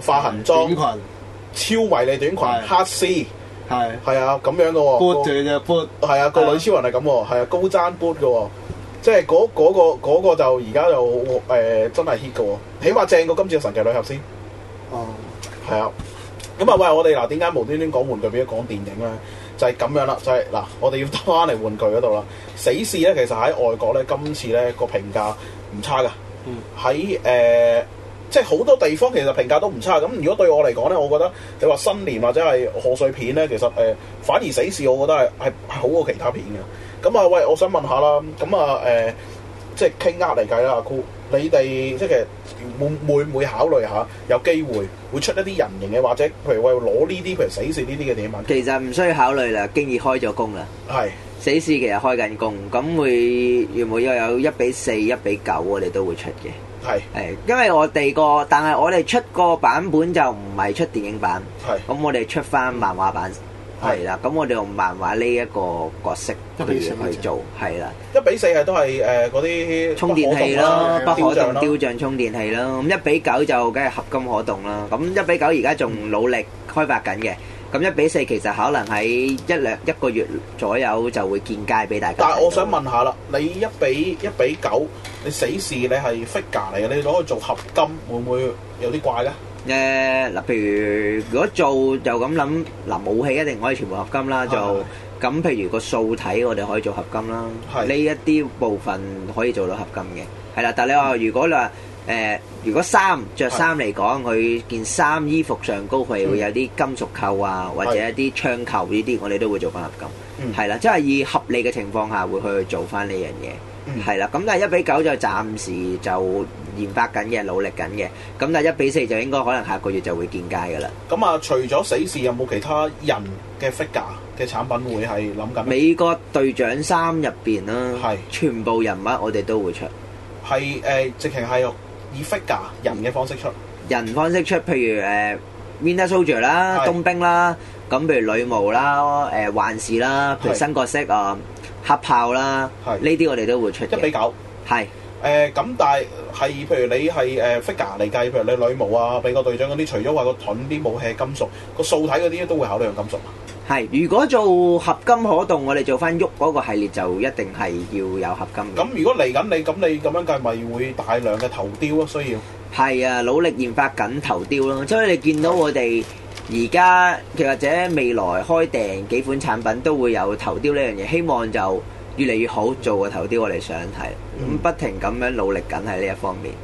化型裝裙超迷你短裙黑絲係係啊咁樣嘅喎，撥住嘅撥係啊個女超人係咁，係啊高踭 boot 嘅喎，即係嗰嗰個嗰、那個那個就而家就誒、呃、真係 hit 嘅喎，起碼正過今次嘅神奇女俠先。哦，係啊咁啊，喂，我哋嗱點解無端端講玩具變咗講電影咧就係、是、咁樣啦就係、是、嗱、就是、我哋要翻嚟玩具嗰度啦。死侍咧其實喺外國咧今次咧個評價唔差嘅喺誒。嗯即係好多地方其實評價都唔差，咁如果對我嚟講咧，我覺得你話、就是、新年或者係賀歲片咧，其實誒、呃、反而死侍我覺得係係好過其他片嘅。咁啊、呃，喂，我想問下啦，咁啊誒，即係傾壓嚟計啦，阿酷，你哋即係會會唔會考慮下有機會會出一啲人形嘅，或者譬如我攞呢啲譬如死侍呢啲嘅嘅電影？其實唔需要考慮啦，經已開咗工啦。係是死侍其實開緊工，咁會會唔會又有一比四、一比九我哋都會出嘅。係，誒，因為我哋個，但係我哋出個版本就唔係出電影版，係，咁我哋出翻漫畫版，係啦，咁我哋用漫畫呢一個角色嘅嘢去做，係啦，一比四係都係誒嗰啲充電器囉，不可動雕像充電器囉，咁一比九就梗係合金可動啦，咁一比九而家仲努力開發緊嘅，咁一比四其實可能喺一兩一個月左右就會見街俾大家。但係我想問下啦，你一比一比九？你死事你係 figure 嚟嘅，你攞去做合金會唔會有啲怪咧？誒嗱，譬如如果做就咁諗，嗱武器一定可以全部合金啦。就咁譬如個素體，我哋可以做合金啦。呢一啲部分可以做到合金嘅，係啦。但係你話如果你話誒，如果衫著衫嚟講，佢件衫衣服上高，佢會有啲金屬扣啊，或者一啲槍扣呢啲，我哋都會做翻合金。係啦，即係以合理嘅情況下，會去做翻呢樣嘢。係啦，咁但係一比九就暫時就研發緊嘅，努力緊嘅。咁但係一比四就應該可能下個月就會見街噶啦。咁啊，除咗死侍，有冇其他人嘅 figure 嘅產品會係諗緊？美國隊長三入邊啦，係全部人物我哋都會出。係誒，直情係以 figure 人嘅方式出。人方式出，譬如誒 Winter Soldier 啦、冬兵啦，咁譬如女巫啦、誒幻視啦，譬如新角色啊。黑炮啦，呢啲我哋都會出一比九。係誒咁，但係係譬如你係誒 figure 嚟計，譬如你女巫啊、美國隊長嗰啲，除咗話個盾啲武器係金屬，個素體嗰啲都會考慮用金屬。係，如果做合金可動，我哋做翻喐嗰個系列就一定係要有合金。咁如果嚟緊你咁，你咁樣計咪會大量嘅頭雕啊？需要係啊！努力研發緊頭雕咯，所以你見到我哋。而家其或者未來開訂幾款產品都會有頭雕呢樣嘢，希望就越嚟越好做個頭雕我，我哋想睇咁，不停咁樣努力緊喺呢一方面。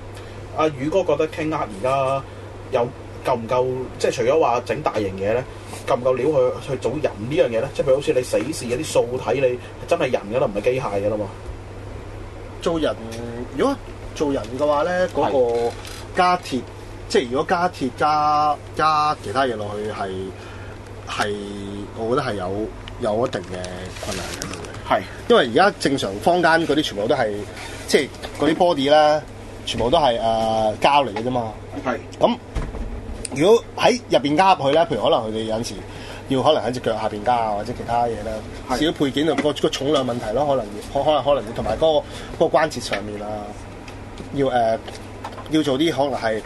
阿宇、啊，哥覺得 King Arts 而家有夠唔夠？即係除咗話整大型嘢咧，夠唔夠料去去做人呢樣嘢咧？即係譬如好似你死侍嗰啲素體，你真係人噶啦，唔係機械噶啦嘛？做人如果做人嘅話咧，嗰、那個加鐵。即係如果加鐵加加其他嘢落去係係，我覺得係有有一定嘅困難嘅。係是因為而家正常坊間嗰啲全部都係即係嗰啲 body 咧，全部都係誒、呃、膠嚟嘅啫嘛。係咁是，如果喺入邊加入去咧，譬如可能佢哋有陣時要可能喺隻腳下邊加啊，或者其他嘢咧。少是配件啊，個個重量問題咯，可能可可能可能要同埋嗰個嗰、嗰個關節上面啊，要誒、呃、要做啲可能係。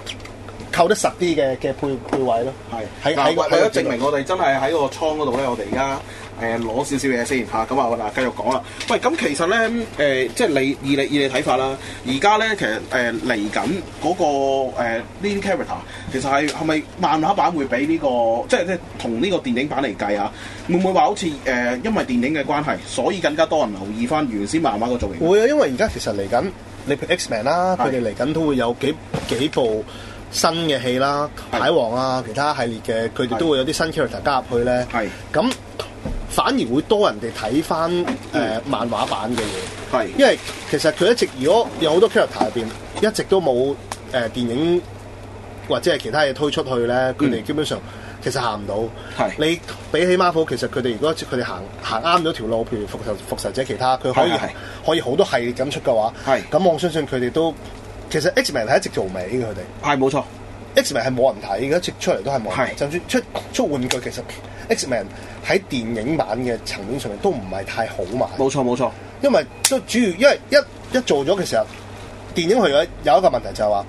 扣得實啲嘅嘅配配位咯，係喺喺。為為咗證明我哋真係喺個倉嗰度咧，我哋而家誒攞少少嘢先嚇。咁啊嗱、啊，繼續講啦。喂，咁其實咧誒、呃，即係你以你以你睇法啦。而家咧其實誒嚟緊嗰個呢啲 Character 其實係係咪漫畫版會比呢、這個即係即係同呢個電影版嚟計啊？會唔會話好似誒、呃、因為電影嘅關係，所以更加多人留意翻原先漫畫嗰個造型？會啊，因為而家其實嚟緊你 X Man 啦、啊，佢哋嚟緊都會有幾幾，幾部。幾部新嘅戲啦，蟹是王啊，其他系列嘅，佢哋都會有啲新 character 加入去咧。咁是反而會多人哋睇翻誒漫畫版嘅嘢，是因為其實佢一直如果有好多 character 入邊一直都冇誒、呃、電影或者係其他嘢推出去咧，佢哋基本上其實行唔到。是你比起 Marvel，其實佢哋如果佢哋行行啱咗條路，譬如復仇復仇者其他，佢可以是是是是可以好多系列咁出嘅話，咁是是我相信佢哋都。其實 Xman 係一直做尾嘅，佢哋係冇錯。Xman 係冇人睇嘅，一直出嚟都係冇人睇。就算是出出，出玩具，其實 Xman 喺電影版嘅層面上面都唔係太好賣。冇錯冇錯，錯，因為都主要因為一一做咗嘅時候，電影係有有一個問題就係話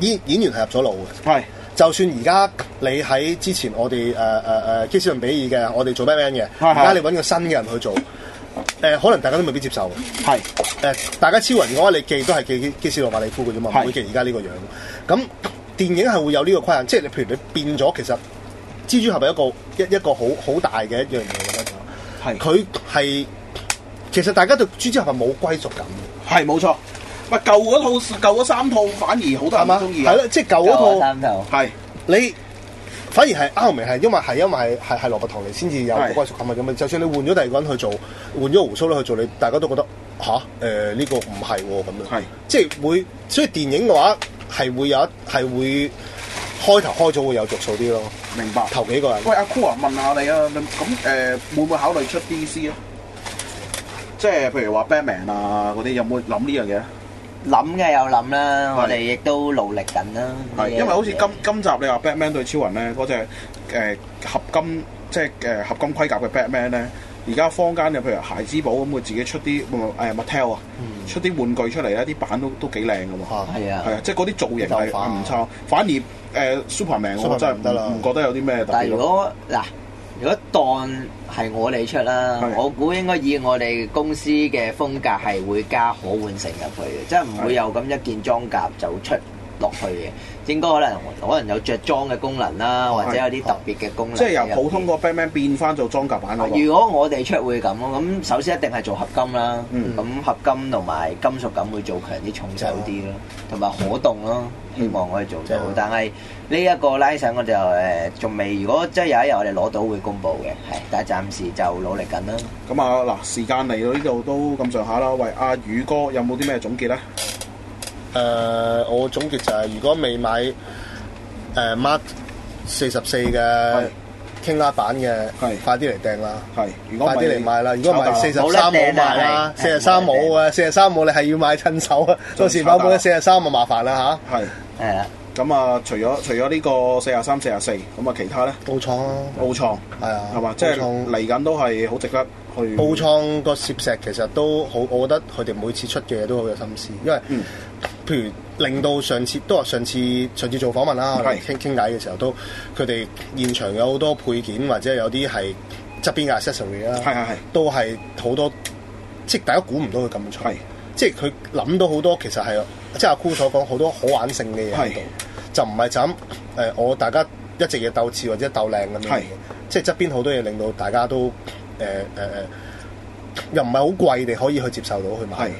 演演員係入咗腦嘅。係是，就算而家你喺之前我哋誒誒誒基斯頓比爾嘅，我哋做 Batman 嘅，而家的你搵個新嘅人去做。誒、呃、可能大家都未必接受。係誒是、呃，大家超人嘅話，你記都係記基斯洛馬利夫嘅啫嘛，唔是會記而家呢個樣。咁電影係會有呢個規限，即係你譬如你變咗，其實蜘蛛俠係一個一一個好好大嘅一樣嘢㗎嘛。係佢係，其實大家對蜘蛛俠係冇歸屬感嘅。係冇錯。咪舊嗰套，舊嗰三套反而好多人都中意。係咯，即係舊嗰套係你。是反而係歐陽明係，因為係因為係係蘿蔔頭嚟，先至有嗰個熟刊物咁樣。就算你換咗第二個人去做，換咗胡鬚佬去做，你大家都覺得吓，誒呢、呃這個唔係咁樣，係是即係會。所以電影嘅話係會有一係會開頭開咗會有著數啲咯。明白頭幾個人。喂阿 Cool 啊，問下你啊，咁誒、呃、會唔會考慮出 DC 啊？即係譬如話 Batman 啊嗰啲，有冇諗呢樣嘢？諗嘅有諗啦，我哋亦都努力緊啦。係，因為好似今今集你話 Batman 對超人咧，嗰隻誒合金即係誒合金盔甲嘅 Batman 咧，而家坊間嘅譬如孩之寶咁，會自己出啲誒 Metal 啊，出啲玩具出嚟啦，啲版都都幾靚㗎喎。係啊，係啊，即係嗰啲造型係唔錯，反而誒 Superman 我真係唔得啦，唔覺得有啲咩。但係如果嗱。如果當係我哋出啦，是的 我估應該以我哋公司嘅風格係會加可換性入去嘅，即係唔會有咁一件裝甲走出落去嘅，應該可能可能有着裝嘅功能啦，啊、或者有啲特別嘅功能，啊。即係由普通個 Batman 變翻做裝甲版。如果我哋出會咁咯，咁首先一定係做合金啦。咁、嗯、合金同埋金屬感會做強啲、重手啲咯，同埋、啊、可動咯，希望可以做到。嗯、但係呢一個拉上我就誒，仲未。如果即係有一日我哋攞到會公佈嘅，係，但係暫時就努力緊啦。咁啊嗱，時間嚟到呢度都咁上下啦。喂，阿、啊、宇哥有冇啲咩總結咧？誒，我總結就係，如果未買誒 Mark 四十四嘅傾拉板嘅，是快啲嚟訂啦。係，如果快啲嚟買啦。如果唔係四十三冇賣啦，四十三冇嘅，四十三冇，你係要買趁手。 *laughs* 到時冇嘅四十三啊，麻煩啦嚇。係，係啊。咁啊，除咗除咗呢個四十三、四十四，咁啊，其他咧？冇錯啊，冇錯，係啊，係嘛？即係嚟緊都係好值得，暴創個攝石其實都好，我覺得佢哋每次出嘅嘢都好有心思，因為譬如令到上次都話上次上次做訪問啦，傾傾偈嘅時候都佢哋現場有好多配件或者有啲係側邊嘅 accessory 啦，都係好多即係大家估唔到佢咁創，即係佢諗到好多其實係即係阿 Cool 所講好多好玩性嘅嘢喺度，是就唔係就咁誒，我大家一直嘅鬥刺或者鬥靚咁樣嘅，即係側邊好多嘢令到大家都。誒誒誒，又唔係好貴，你可以去接受到，去買。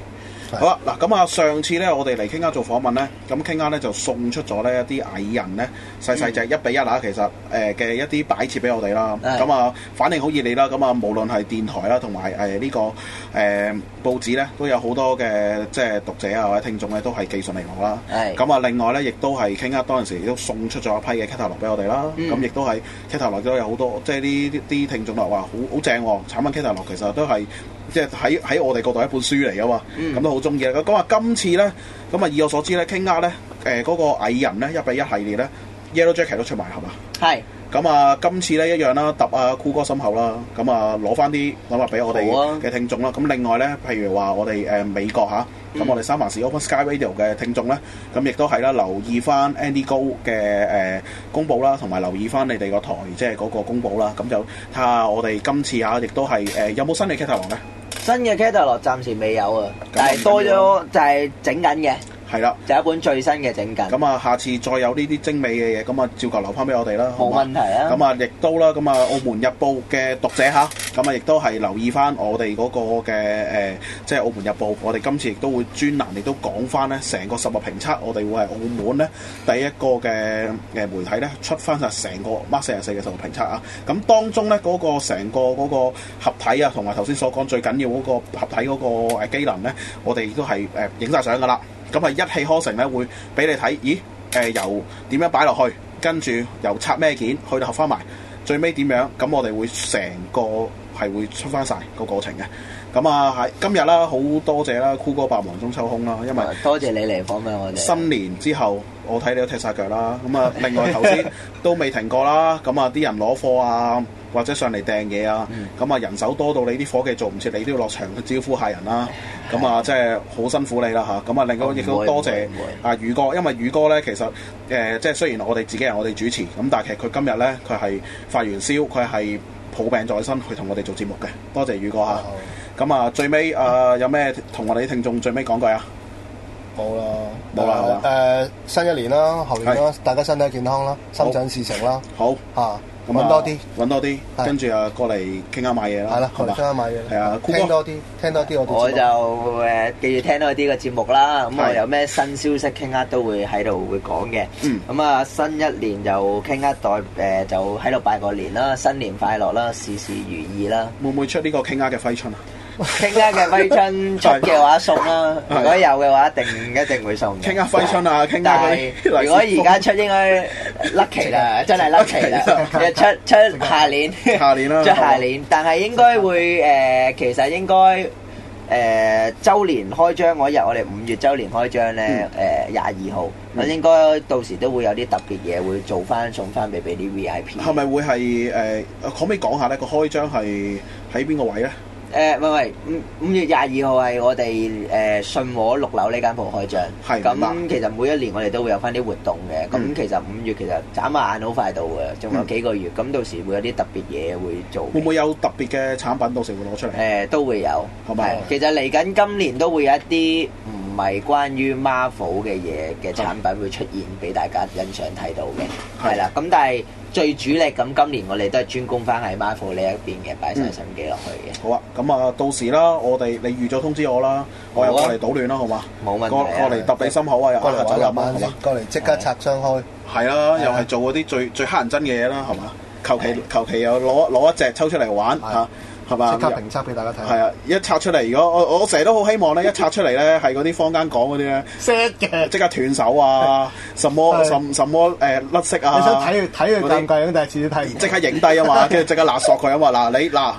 好啦，嗱咁啊，上次咧我哋嚟傾下做訪問咧，咁傾下咧就送出咗咧一啲矮人咧細細隻一比一啦，其實誒嘅、呃、一啲擺設俾我哋啦。咁啊的，反應好熱烈啦。咁啊，無論係電台啦，同埋誒呢個誒、呃、報紙咧，都有好多嘅即係讀者啊或者聽眾咧都係寄信嚟我啦。係的。咁啊，另外咧亦都係傾下，嗰陣時亦都送出咗一批嘅 kitaro 俾我哋啦。咁亦、嗯、都喺 kitaro 都有好多即係呢啲聽眾話話好好正喎，產品 kitaro 其實都係。即係喺喺我哋嗰度一本書嚟嘅嘛，咁、mm. 都好中意啦。咁話今次咧，咁啊以我所知咧，King Arts 咧，誒、那、嗰個蟻人咧一比一系列咧，Yellow Jacket 都出埋係嘛？係。咁啊是、嗯，今次咧一樣啦，揼阿 Cool 哥心口啦，咁、嗯、啊攞翻啲攬入俾我哋嘅聽眾啦。咁、啊、另外咧，譬如話我哋誒、呃、美國嚇，咁、啊啊、我哋三藩市 Open Sky Radio 嘅聽眾咧，咁亦、mm. 嗯嗯、都係啦，留意翻 Andy Go 嘅誒、呃、公佈啦，同埋留意翻你哋個台即係嗰個公佈啦。咁就睇下我哋今次啊，亦都係誒有冇新嘅 Captain 咧？新嘅 Cater 樂暫時未有啊，但係多咗就係整緊嘅。係啦，就一本最新嘅整緊。咁啊，下次再有呢啲精美嘅嘢，咁啊，照舊留翻俾我哋啦。冇問題啊！咁啊，亦都啦，咁啊，《澳門日報》嘅讀者嚇，咁啊，亦都係留意翻我哋嗰個嘅誒，即係《澳門日報》。我哋今次亦都會專欄，亦都講翻咧成個實物評測。我哋會係澳門咧第一個嘅嘅媒體咧出翻曬成個 Mark 四十四嘅實物評測啊！咁當中咧嗰個成個嗰個合體啊，同埋頭先所講最緊要嗰個合體嗰個誒機能咧，我哋亦都係誒影曬相㗎啦。咁啊，一氣呵成咧，會俾你睇。咦？誒、呃，由點樣擺落去，跟住由拆咩件去到合翻埋，最尾點樣？咁我哋會成個係會出翻晒個過程嘅。咁啊，喺今日啦，好多謝啦，酷哥百忙中抽空啦，因為多謝你嚟訪問我哋。新年之後，我睇你都踢晒腳啦。咁啊，另外頭先都未停過啦。咁啊，啲人攞貨啊，或者上嚟訂嘢啊，咁啊、嗯，人手多到你啲伙計做唔切，你都要落場去招呼客人啦。咁啊唉，即係好辛苦你啦嚇。咁啊，另外亦都多謝阿宇哥，因為宇哥咧其實誒、呃，即係雖然我哋自己係我哋主持，咁但係其實佢今日咧佢係發完燒，佢係抱病在身去同我哋做節目嘅。多謝宇哥嚇。哦。咁啊，最尾啊，有咩同我哋啲聽眾最尾講句啊？好啦，冇啦，係嘛？誒，新一年啦，後年啦，大家身體健康啦，心想事成啦，好啊，搵多啲，搵多啲，跟住啊，過嚟傾下買嘢啦，係啦，過嚟傾下買嘢，係啊，聽多啲，聽多啲，我就誒，繼續聽多啲嘅節目啦。咁啊，有咩新消息傾下都會喺度會講嘅。咁啊，新一年就傾下代誒，就喺度拜個年啦，新年快樂啦，事事如意啦。會唔會出呢個傾下嘅揮春啊？傾家嘅揮春，出嘅話送啦，如果有嘅話，一定一定會送。傾家揮春啊，傾下嗰啲。如果而家出應該甩期啦，真係甩期啦。出出下年，下年咯，出下年。但係應該會誒，其實應該誒周年開張嗰一日，我哋五月周年開張咧，誒廿二號，應該到時都會有啲特別嘢會做翻，送翻俾俾啲 VIP。係咪會係誒？可唔可以講下咧？個開張係喺邊個位咧？誒，唔係五五月廿二號係我哋誒、呃、信和六樓呢間鋪開張。係。咁其實每一年我哋都會有翻啲活動嘅。咁、嗯、其實五月其實眨下眼好快到嘅，仲有幾個月。咁、嗯、到時會有啲特別嘢會做。會唔會有特別嘅產品到時會攞出嚟？誒、呃，都會有。好嗎。其實嚟緊今年都會有一啲唔係關於 Marvel 嘅嘢嘅產品會出現俾大家欣賞睇到嘅。係啦、嗯。咁但係。的最主力咁，今年我哋都係專攻翻喺 Micro 呢一邊嘅，擺晒心機落去嘅。好啊，咁啊，到時啦，我哋你預咗通知我啦，我又過嚟搗亂啦，好嘛？冇問題嘅。過嚟特別心口啊，又下晝廿萬，過嚟即刻拆箱開。係啊，又係做嗰啲最最乞人憎嘅嘢啦，係嘛？求其求其又攞攞一隻抽出嚟玩吓。即刻評測俾大家睇。係啊，一拆出嚟，如果我我成日都好希望咧，一拆出嚟咧，係嗰啲坊間講嗰啲咧，set 嘅，即刻斷手啊，什麼什什麼誒甩色啊，你想睇睇佢咁鬼樣，但係遲啲睇，即刻影低啊嘛，跟住即刻勒索佢啊嘛，嗱你嗱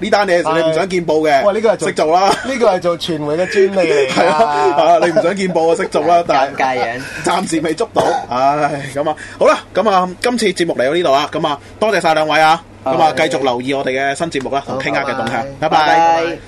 呢單嘢你唔想見報嘅，喂，呢個係識做啦，呢個係做傳媒嘅專利嚟，係啊，你唔想見報啊識做啦，但係咁鬼樣，暫時未捉到，唉，咁啊，好啦，咁啊，今次節目嚟到呢度啊，咁啊，多謝晒兩位啊！咁啊，繼續留意我哋嘅新節目啦，同傾下嘅動向，好拜拜。